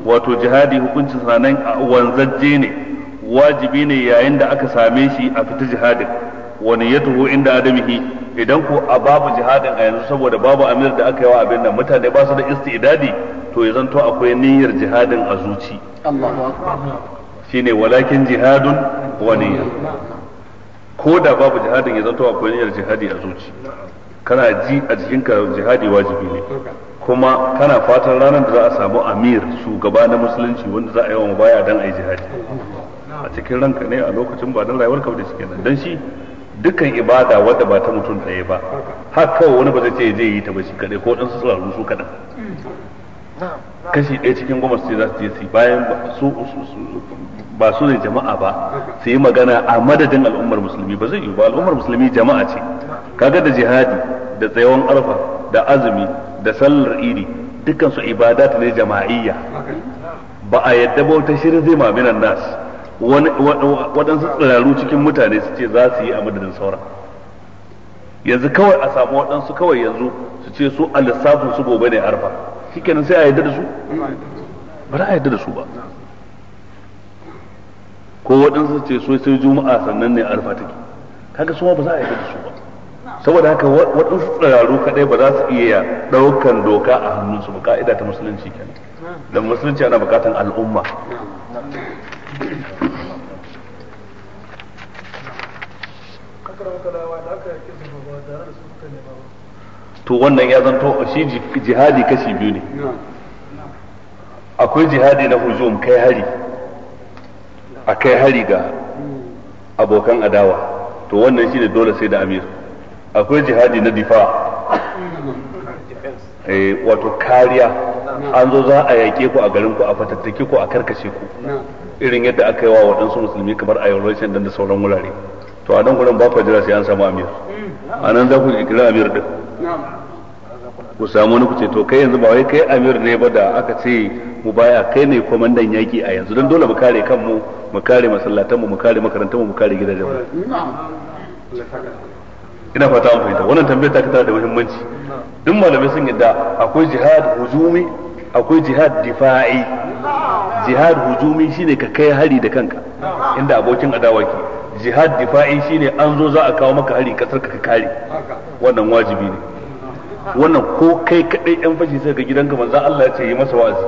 wato jihadi hukuncin sanan wanzajje ne wajibi ne yayin da aka same shi a fita jihadin wa tuho inda adamihi idan ko a babu jihadin a yanzu saboda babu amir da aka yi wa abin nan mutane ba su da istidadi to ya zanto akwai niyyar jihadin a zuci shine walakin jihadun wa ko da babu jihadin ya zanto akwai niyyar jihadi a zuci kana ji a jikinka jihadi wajibi ne kuma kana fatan ranar da za a samu amir shugaba na musulunci wanda za a yi wa baya dan ayi jihadi a cikin ranka ne a lokacin ba dan rayuwar ba da cikin nan dan shi dukkan ibada wadda ba ta mutum ɗaya ba har kawai wani ba zai ce zai yi ta ba shi kadai ko dan su sulalu su kadan kashi ɗaya cikin goma su ce za su je su bayan ba su ne jama'a ba su yi magana a madadin al'ummar musulmi ba zai yi ba al'ummar musulmi jama'a ce kaga da jihadi da tsayawan arfa da azumi da sallar iri dukkan su ibadat ne jama'iyya ba a yadda ba wata shirin zai maminan nas waɗansu tsiraru cikin mutane su ce za su yi a madadin sauran yanzu kawai a samu waɗansu kawai yanzu su ce su a su gobe ne arfa shikenan sai a yadda da su ba za a yadda da su ba ko waɗansu ce so sai juma'a sannan ne arfa take kaga su ma ba za a yadda da su ba saboda haka waɗansu tsararru kaɗai ba za su iya ɗaukan doka a hannunsu ba ka'ida ta musulunci kenan da musulunci ana bukatan al'umma kalawa da aka yake su ba tare da su suka nema ba to wannan ya zanto shi jihadi kashi biyu ne akwai jihadi na hujum kai hari a kai hari ga abokan adawa to wannan shi ne dole sai da amir akwai jihadi na difa eh, wato kariya an zo za a yaƙe ku a garin ku a fatattake ku a karkashe ku irin yadda aka yi wa waɗansu musulmi kamar a yawancin dan da sauran wurare to a nan gurin ba fa jira sai an samu amir a nan za ku kira amir din ku samu wani kuce to kai yanzu ba wai kai amir ne ba da aka ce mu baya kai ne komandan yaki a yanzu don dole mu kare kanmu mu kare masallatan mu mu kare makarantar mu mu kare gidajen mu ina fata an fahimta wannan tambayar ta tana da muhimmanci duk malamai sun yadda akwai jihad hujumi akwai jihad difa'i jihad hujumi shine ka kai hari da kanka inda abokin adawa ke jihad difa'i shine an zo za a kawo maka hari kasar ka kare wannan wajibi ne wannan ko kai kadai yan fashi sai ga gidanka manzo Allah ya ce yi masa wa'azi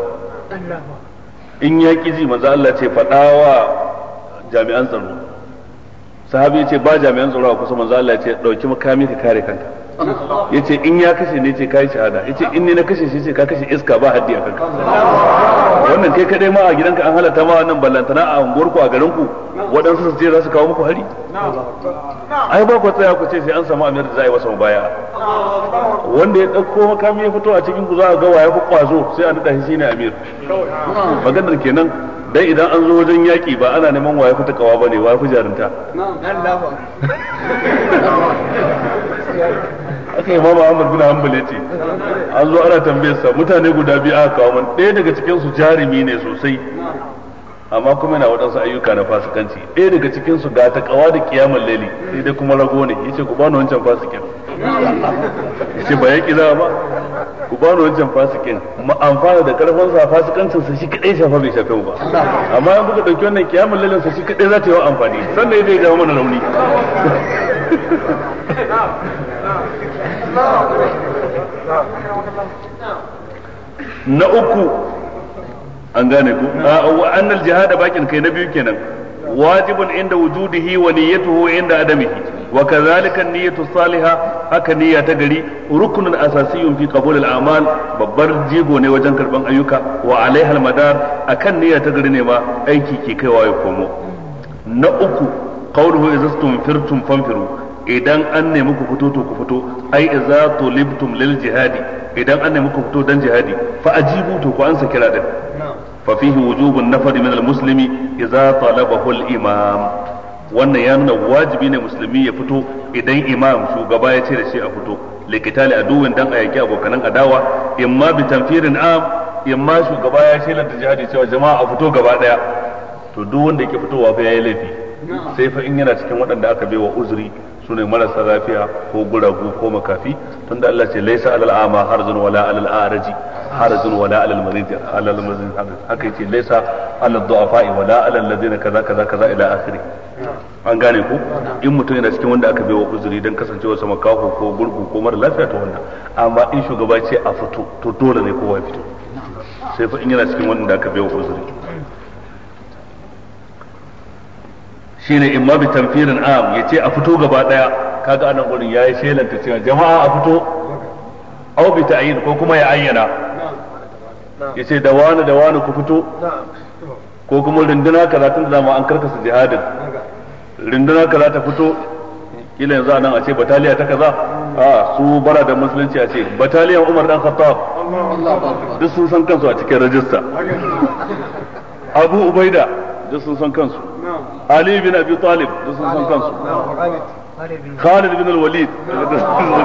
in ya ki ji manzo Allah ya ce wa jami'an tsaro sahabi ya ce ba jami'an tsaro a kusa manzo Allah ya ce dauki makami ka kare kanka yace in ya kashe ne ce kai shahada yace in ne na kashe shi ce ka kashe iska ba haddi a kanka wannan kai kadai ma a gidanka an halatta ma wannan ballantana a unguwar ku a garin ku waɗansu su ce za su kawo muku hari ai ba ku tsaya ku ce sai an samu amir da za a yi masa baya wanda ya ɗauko makami ya fito a cikin ku za a ga waye ku kwazo sai a nada shi shine amir maganar kenan dai idan an zo wajen yaƙi ba ana neman waye fita kawa bane waye ku jarinta haka imamu ahmad bin hanbal ce an zo ana tambayarsa mutane guda biyu aka kawo man ɗaya daga cikinsu jarumi ne sosai amma kuma yana waɗansu ayyuka na fasikanci ɗaya daga cikinsu, ga ta kawa da kiyamar laili sai dai kuma rago ne Ya ce ku bani wancan fasikin ce ba ya ƙi ba ku bani wancan fasikin mu amfana da karfin sa fasikancin sa shi kaɗai shafa bai shafe ba amma in kuka ɗauki wannan kiyamar lailin sa shi kaɗai za ta yi amfani sannan zai jawo mana rauni na uku an gane ku wa annal jihad bakin kai na biyu kenan wajibun inda wujudihi wa niyyatuhu inda adamihi wa kadhalika niyyatu salihah haka niyya ta gari rukunin asasiyun fi qabul al a'mal babbar jigo ne wajen karban ayyuka wa alaiha al madar akan niyya ta gari ne ma aiki ke kaiwa ya komo na uku qawluhu izastum firtum fanfiru idan an nemi ku fito to ku fito ai idza tulibtum lil jihadi idan an nemi ku fito dan jihadi fa ajibu to ku ansa kira din fa fihi wujubun nafar min al muslimi idza talabahu al imam wannan ya nuna wajibi ne musulmi ya fito idan imam shugaba ya ce da shi a fito likitali aduwin dan a abokanan adawa imma bi tanfirin am imma shugaba ya ce da jihadi cewa jama'a a fito gaba daya to duk wanda yake fitowa fa yayi laifi sai fa in yana cikin waɗanda aka bai wa uzuri su ne marasa lafiya ko guragu ko makafi tunda Allah ce laisa alal ama harjun wala alal araji harjun wala alal marid alal marid haka yace laisa alal du'afa wala alal ladina kaza kaza kaza ila akhiri an gane ku in mutum yana cikin wanda aka baiwa uzuri dan kasancewa sama kafu ko gurgu ko mara lafiya to wannan amma in shugaba ce a fito to dole ne kowa ya fito sai fa in yana cikin wanda aka baiwa uzuri shine ma bi tanfirin am yace a fito gaba daya kaga anan gurin yayi shelanta cewa jama'a a fito aw bi ta'yin ko kuma ya ayyana yace da wani da wani ku fito ko kuma runduna karatun da da an karkasa jihadin runduna kaza ta fito kila yanzu anan a ce bataliya ta kaza a su bara da musulunci a ce bataliyan Umar dan Khattab duk sun san kansu a cikin rajista Abu Ubaida duk sun san kansu علي بن ابي طالب خالد sun san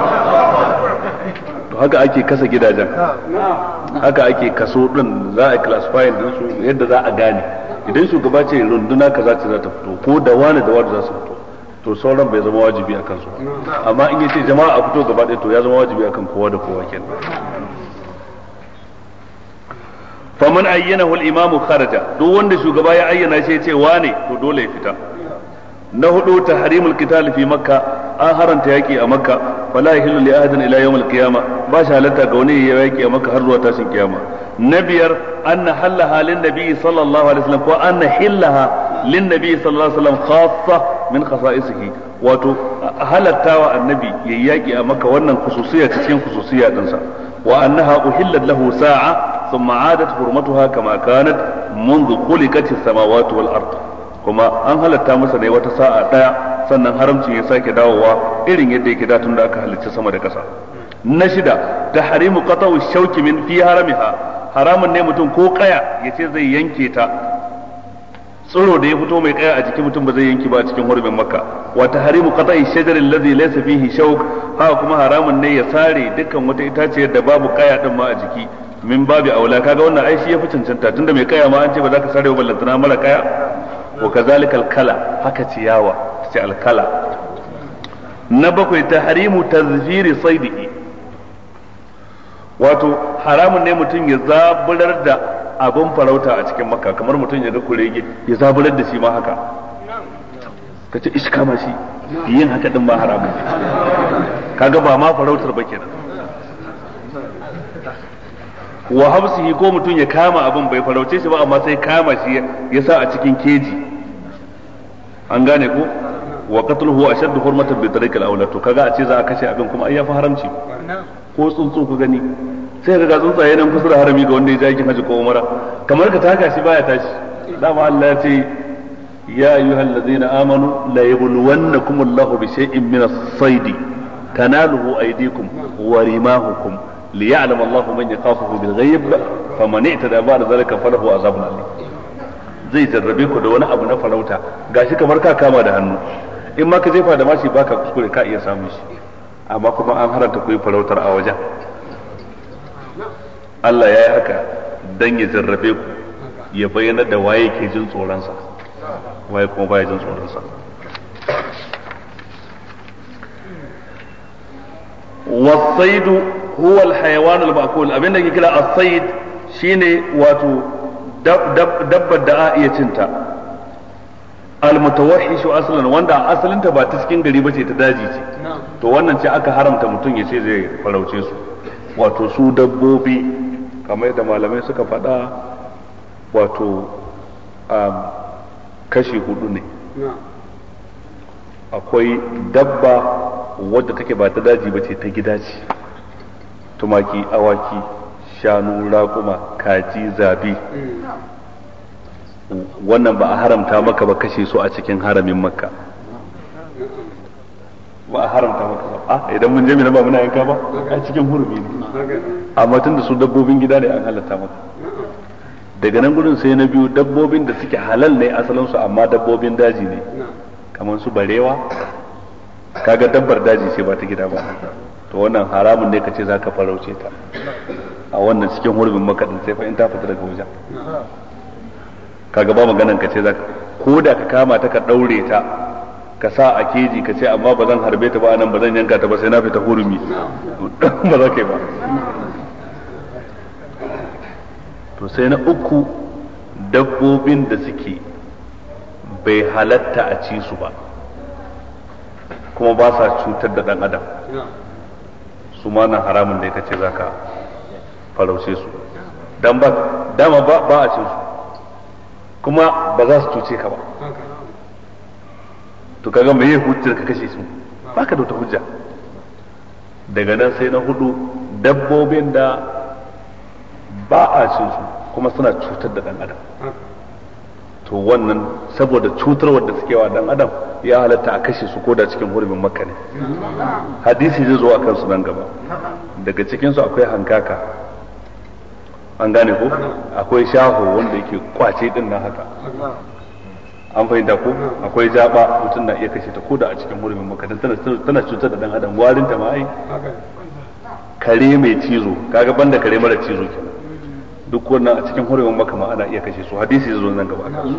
to haka ake kasa gidajen haka ake kaso din za a classify din su yadda za a gane idan shugaba ce runduna kaza ce za ta fito ko da wani da wani za su fito to sauran bai zama wajibi a kansu amma in yace jama'a a fito gaba ɗaya to ya zama wajibi akan kowa da kowa kenan faman ayyanahu al-imam kharaja duk wanda shugaba ya ayyana shi yace wane to dole ya fita na hudu tahrimul qital fi makka an haranta yaki a makka fala yahillu li ahadin ila yawm al-qiyama ba shi halatta ga wani ya yaki a makka har zuwa tashin kiyama na biyar anna halla halin nabi sallallahu alaihi wasallam ko anna hillaha lin nabi sallallahu alaihi wasallam khassa min khasa'isihi wato halattawa annabi yayi yaki a makka wannan khususiyya cikin khususiyya dinsa wa annaha uhillat lahu sa'a ثم عادت حرمتها كما كانت منذ خلقت السماوات والأرض كما أن هل التامسة نيوة ساعة داع sannan haramcin ya sake dawowa irin yadda yake da tun da aka halicci sama da ƙasa na shida tahrimu qata'u shauki min fi haramiha haramun ne mutum ko kaya yace zai yanke ta tsiro da ya fito mai kaya a jiki mutum ba zai yanki ba a cikin hurumin makka wa tahrimu qata'i shajar alladhi laysa fihi shawk ha kuma haramun ne ya sare dukkan wata itaciyar da babu kaya din ma a jiki min babi aula kaga wannan ai shi yafi cancanta tunda mai kaya ma an ce ba za ka sare wa ballantana mara kaya wa kazalika alkala haka ciyawa ce alkala na bakwai tahrimu tazhiri saidihi wato haramun ne mutum ya zaburar da abin farauta a cikin makka kamar mutum ya ga kurege ya zaburar da shi ma haka ka iska ma shi yin haka din ma haramun kaga ba ma farautar ba kenan wa habsihi ko mutum ya kama abin bai farauce shi ba amma sai kama shi ya sa a cikin keji an gane ko wa qatluhu ashaddu hurmatan bi tariqil awla to kaga a ce za a kashe abin kuma ai yafi haramci ko tsuntsu ku gani sai kaga tsuntsaye nan kusa harami ga wanda ya je haji ko umara kamar ka taka shi baya tashi dama Allah ya ce ya ayyuhal ladzina amanu la yabluwannakum Allahu bi shay'in min as-saydi tanaluhu aydikum wa rimahukum ليعلم الله من يخافه بالغيب فمن اعتدى بعد ذلك فله عذاب أليم zai jarrabe ku da wani abu na farauta gashi kamar ka kama da hannu in ma ka jefa da mashi baka kuskure ka iya samun shi amma kuma an haranta ku yi farautar a wajen Allah ya yi haka dan ya jarrabe ku ya bayyana da waye ke jin tsoronsa waye kuma baya jin tsoronsa wasaidu huwa al-hayawan al abinda ke kira as-sayd shine wato dabbar da a iya cinta al-mutawahhishu aslan wanda asalinta ba ta cikin gari bace ta daji ce to wannan ce aka haramta mutum ya ce zai farauce su wato su dabbobi kamar da malamai suka faɗa wato um, kashi hudu ne akwai dabba wadda take ba ta daji ba ce ta gida ce tumaki awaki shanu raƙuma kaji zabi wannan ba a haramta maka ba kashe su a cikin haramin makka ba a haramta maka ba a ah, idan mun je mina ba muna yanka ba a cikin hurumi ne amma tunda su dabbobin gida ne an halatta maka daga nan gudun sai na biyu dabbobin da suke halal ne asalin su amma dabbobin daji ne kamar su barewa kaga dabbar daji ce ba ta gida ba to wannan haramun ne kace ka farauce ta a wannan cikin hurbin makadin sai fa in ta fita daga wajen ka gaba maganan za ka ko da ka kama ta ka ɗaure ta ka sa a keji ka ce amma ba zan harbe ta ba nan ba zan yanka ta ba sai na fita hurumi ba za ka yi ba to sai na uku dabbobin da suke bai halatta a ci su ba kuma ba sa cutar da ɗan adam su ma nan haramun ce kace ka farauce su don ba dama ba a cin su kuma ba za su cuce ka ba to kaga mai yi hujjar ka kashe su baka da wata hujja daga nan sai na hudu dabbobin da ba a cin su kuma suna cutar da dan adam to wannan saboda cutar wadda suke wa dan adam ya halatta a kashe su koda cikin hurumin makka ne hadisi zai zo a kansu nan gaba daga cikin su akwai hankaka an gane ko akwai shaho wanda yake kwace din nan haka an fahimta ko akwai jaba mutum na iya kashe ta koda a cikin hurumin makka tana cutar da dan adam warin ta ma ai kare mai cizo kaga banda kare mara cizo kenan duk wannan a cikin hurumin maka ma ana iya kashe su hadisi zai zo nan gaba akan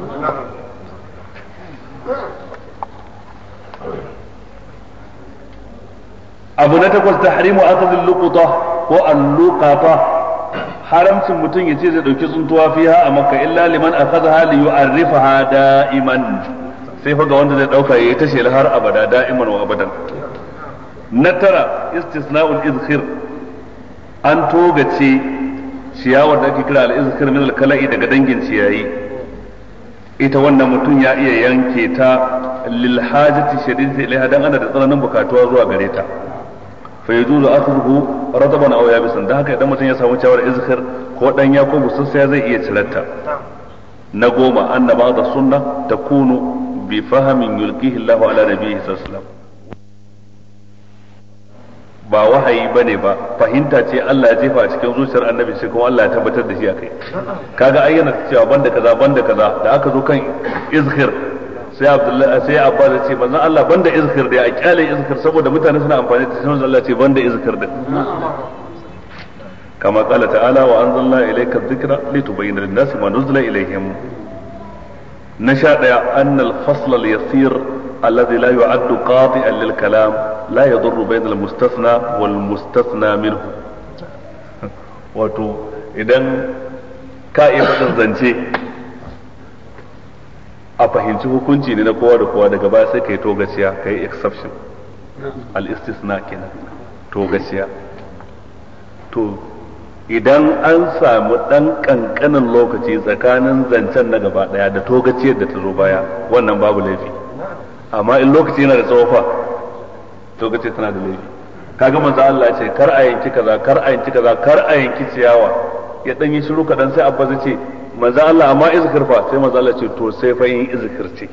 abu na takwas ta tahrimu akhdhil luqata ko al-luqata haramcin mutum ya ce zai ɗauki tsuntuwa fiha a makka illa liman a akhadha li yu'arrifaha da'iman sai fa ga wanda zai ɗauka yayi ta har abada da'iman wa abadan na tara istisna'ul izhir an togace ciyawar da ake kira al'izkar min al-kala'i daga dangin ciyayi ita wannan mutum ya iya yanke ta lil hajati shadidati ilaiha dan ana da tsananin bukatuwa zuwa gare ta fa yajuzu akhuhu radaban aw yabisan dan haka idan mutum ya samu ciyawar izkar ko dan ya ko gusussa zai iya cirarta na goma anna da sunna takunu bi fahamin yulqihi Allahu ala nabiyhi sallallahu alaihi wasallam ba wahayi bane ba fahimta ce Allah ya jefa a cikin zuciyar annabi sai kuma Allah ya tabbatar da shi a akai kaga ayyana cewa banda kaza banda kaza da aka zo kan izhir sai Abdullahi sai Abba ya ce manzon Allah banda izhir da ya kyale izhir saboda mutane suna amfani da sunan Allah ce banda izhir din kama qala ta'ala wa anzalna ilayka dhikra litubayyana lin-nasi ma nuzila ilayhim na sha daya annal fasl al-yasir الذي لا يعد قاطئا للكلام لا يضر بين المستثنى والمستثنى منه وتو idan ka iya fadin zance a fahimci hukunci ne na kowa da kowa daga baya تو ka yi togaciya ka yi exception al-istisna idan an samu ɗan ƙanƙanin lokaci tsakanin zancen na gaba ɗaya da togaciyar da ta zo baya wannan babu laifi amma in lokaci yana da tsofa to kace tana da laifi kaga manzo Allah ce kar a yanki kaza kar a yanki kaza kar a yanki ciyawa ya dan yi shiru kadan sai abba zai ce manzo Allah amma izkir fa sai manzo Allah ce to sai fa yin izkir ce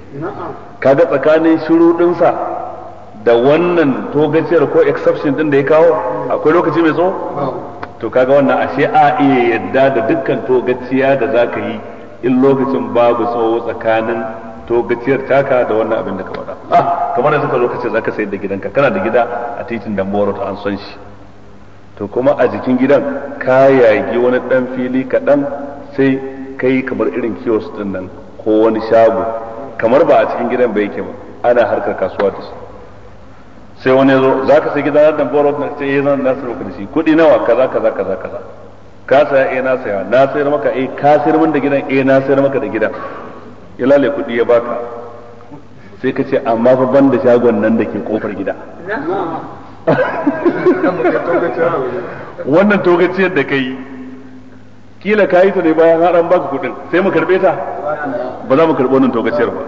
kaga tsakanin shiru sa da wannan togaciyar ko exception din da ya kawo akwai lokaci mai tso to kaga wannan ashe a iya yadda da dukkan togaciya da zaka yi in lokacin babu tsawo tsakanin to gaciyar taka da wannan abin da ka faɗa ah kamar da suka zo kace zaka sayar da gidanka kana da gida a titin Damboro ta an son shi to kuma a jikin gidan ka yagi wani dan fili kaɗan sai kai kamar irin kiosk din nan ko wani shago kamar ba a cikin gidan ba yake ba ana harkar kasuwa da su sai wani zo za ka sai gidan da boro na ce yana eh, na sai maka shi kuɗi nawa kaza kaza kaza kaza ka saya eh na saya na sayar maka eh ka sayar min da gidan eh na sayar maka da gidan ya lale kuɗi ya baka sai ka ce amma fa ban da shagon nan da ke kofar gida wannan togaciyar da kai kila ka yi ta ne bayan haɗan baka kuɗin sai mu karɓe ta ba za mu karɓi wannan togaciyar ba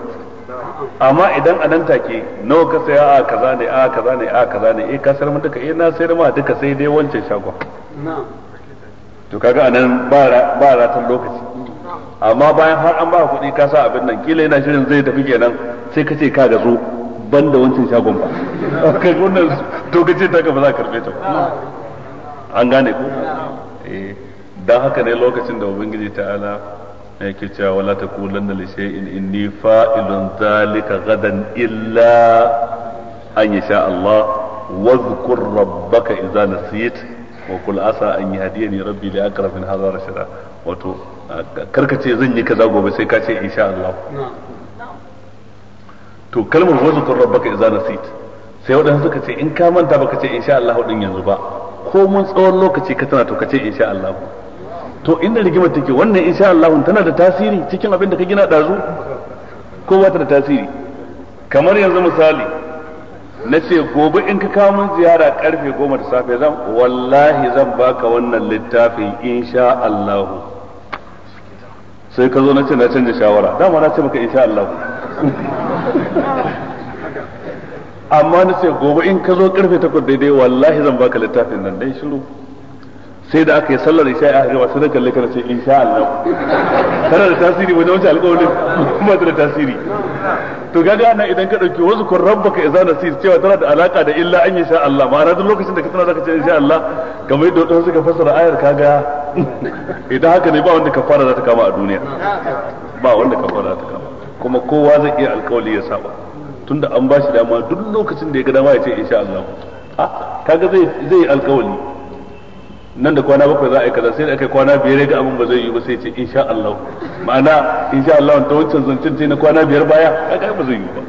amma idan a nan take nawa ka saya a kaza ne a kaza ne a kaza ne eh ka sayar mu duka eh na sayar ma duka sai dai wancan shagon to kaga anan ba ba ratan lokaci amma bayan har an ba kuɗi ka sa abin nan kila yana shirin zai tafi kenan sai ka ce ka gazo ban da wancan shagon ba kai wannan to ka ce ba za ka karbe ta an gane ko eh, dan haka ne lokacin da ubangiji ta'ala ke cewa wala taqulanna li shay'in inni fa'ilun zalika gadan illa an yasha Allah واذكر ربك إذا asa an yi أن rabbi rabbi لأقرب من هذا رشدا wato karkace ce zan yi kaza gobe sai ka ce insha Allah to kalmar wazkur rabbaka idza nasit sai wadansu suka ce in ka manta baka ce insha Allah din yanzu ba ko mun tsawon lokaci ka tana to ka ce insha Allah to inda rigimar take wannan insha Allah tana da tasiri cikin abin da ka gina dazu ko ba ta da tasiri kamar yanzu misali na ce gobe in ka kawo mun ziyara karfe goma da safe zan wallahi zan baka wannan littafin insha Allah sai ka zo na ce na canza shawara dama na ce maka insha Allah amma na ce gobe in ka zo karfe takwas daidai wallahi zan baka littafin nan dai shiru sai da aka yi sallar isha a gaba sai da kalle kana ce insha Allah tana da tasiri wajen wancan alƙawarin ba ta da tasiri to gaga nan idan ka dauki wasu kun rabbaka idza nasir cewa tana da alaka da illa an yasha Allah Ma. duk lokacin da ka tana zaka ce insha Allah kamar yadda wasu suka fassara ayar kaga idan haka ne ba wanda ka za ta kama a duniya ba wanda ka za ta kama kuma kowa zai iya alkawali ya saba tunda an bashi dama duk lokacin da ya ga dama ya ce insha Allah ah, kaga zai zai alkawali nan da kwana bakwai za a yi kaza sai da aka kwana biyar ga abin ba zai yi ba sai ce insha Allah ma'ana insha Allah ta wancan zancen ce na kwana biyar baya kaga ba zai yi ba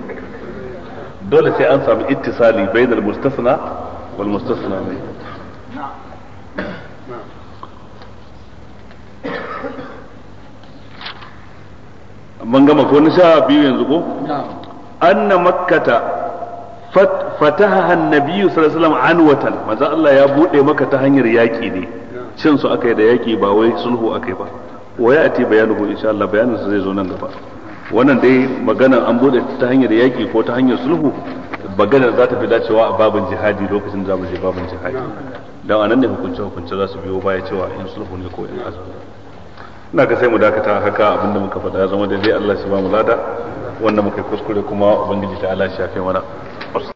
dole sai an samu ittisali bainal mustasna wal mustasna mai ban gama ko na sha biyu yanzu ko anna makkata fataha annabi sallallahu alaihi wasallam anwatan Allah ya bude maka ta hanyar yaki ne cin su aka yi da yaki ba wai sulhu aka yi ba wa ya'ti bayanuhu insha Allah bayanin su zai zo nan gaba wannan dai maganar an bude ta hanyar yaki ko ta hanyar sulhu maganar za ta fi dacewa a babin jihadi lokacin da za mu je babin jihadi dan anan ne hukunce hukunce za su biyo baya cewa in sulhu ne ko in azumi ina ka sai mu dakata haka abinda muka faɗa ya zama daidai Allah shi ba mu lada wanda muka kuskure kuma ubangiji ta Allah shi ya kai mana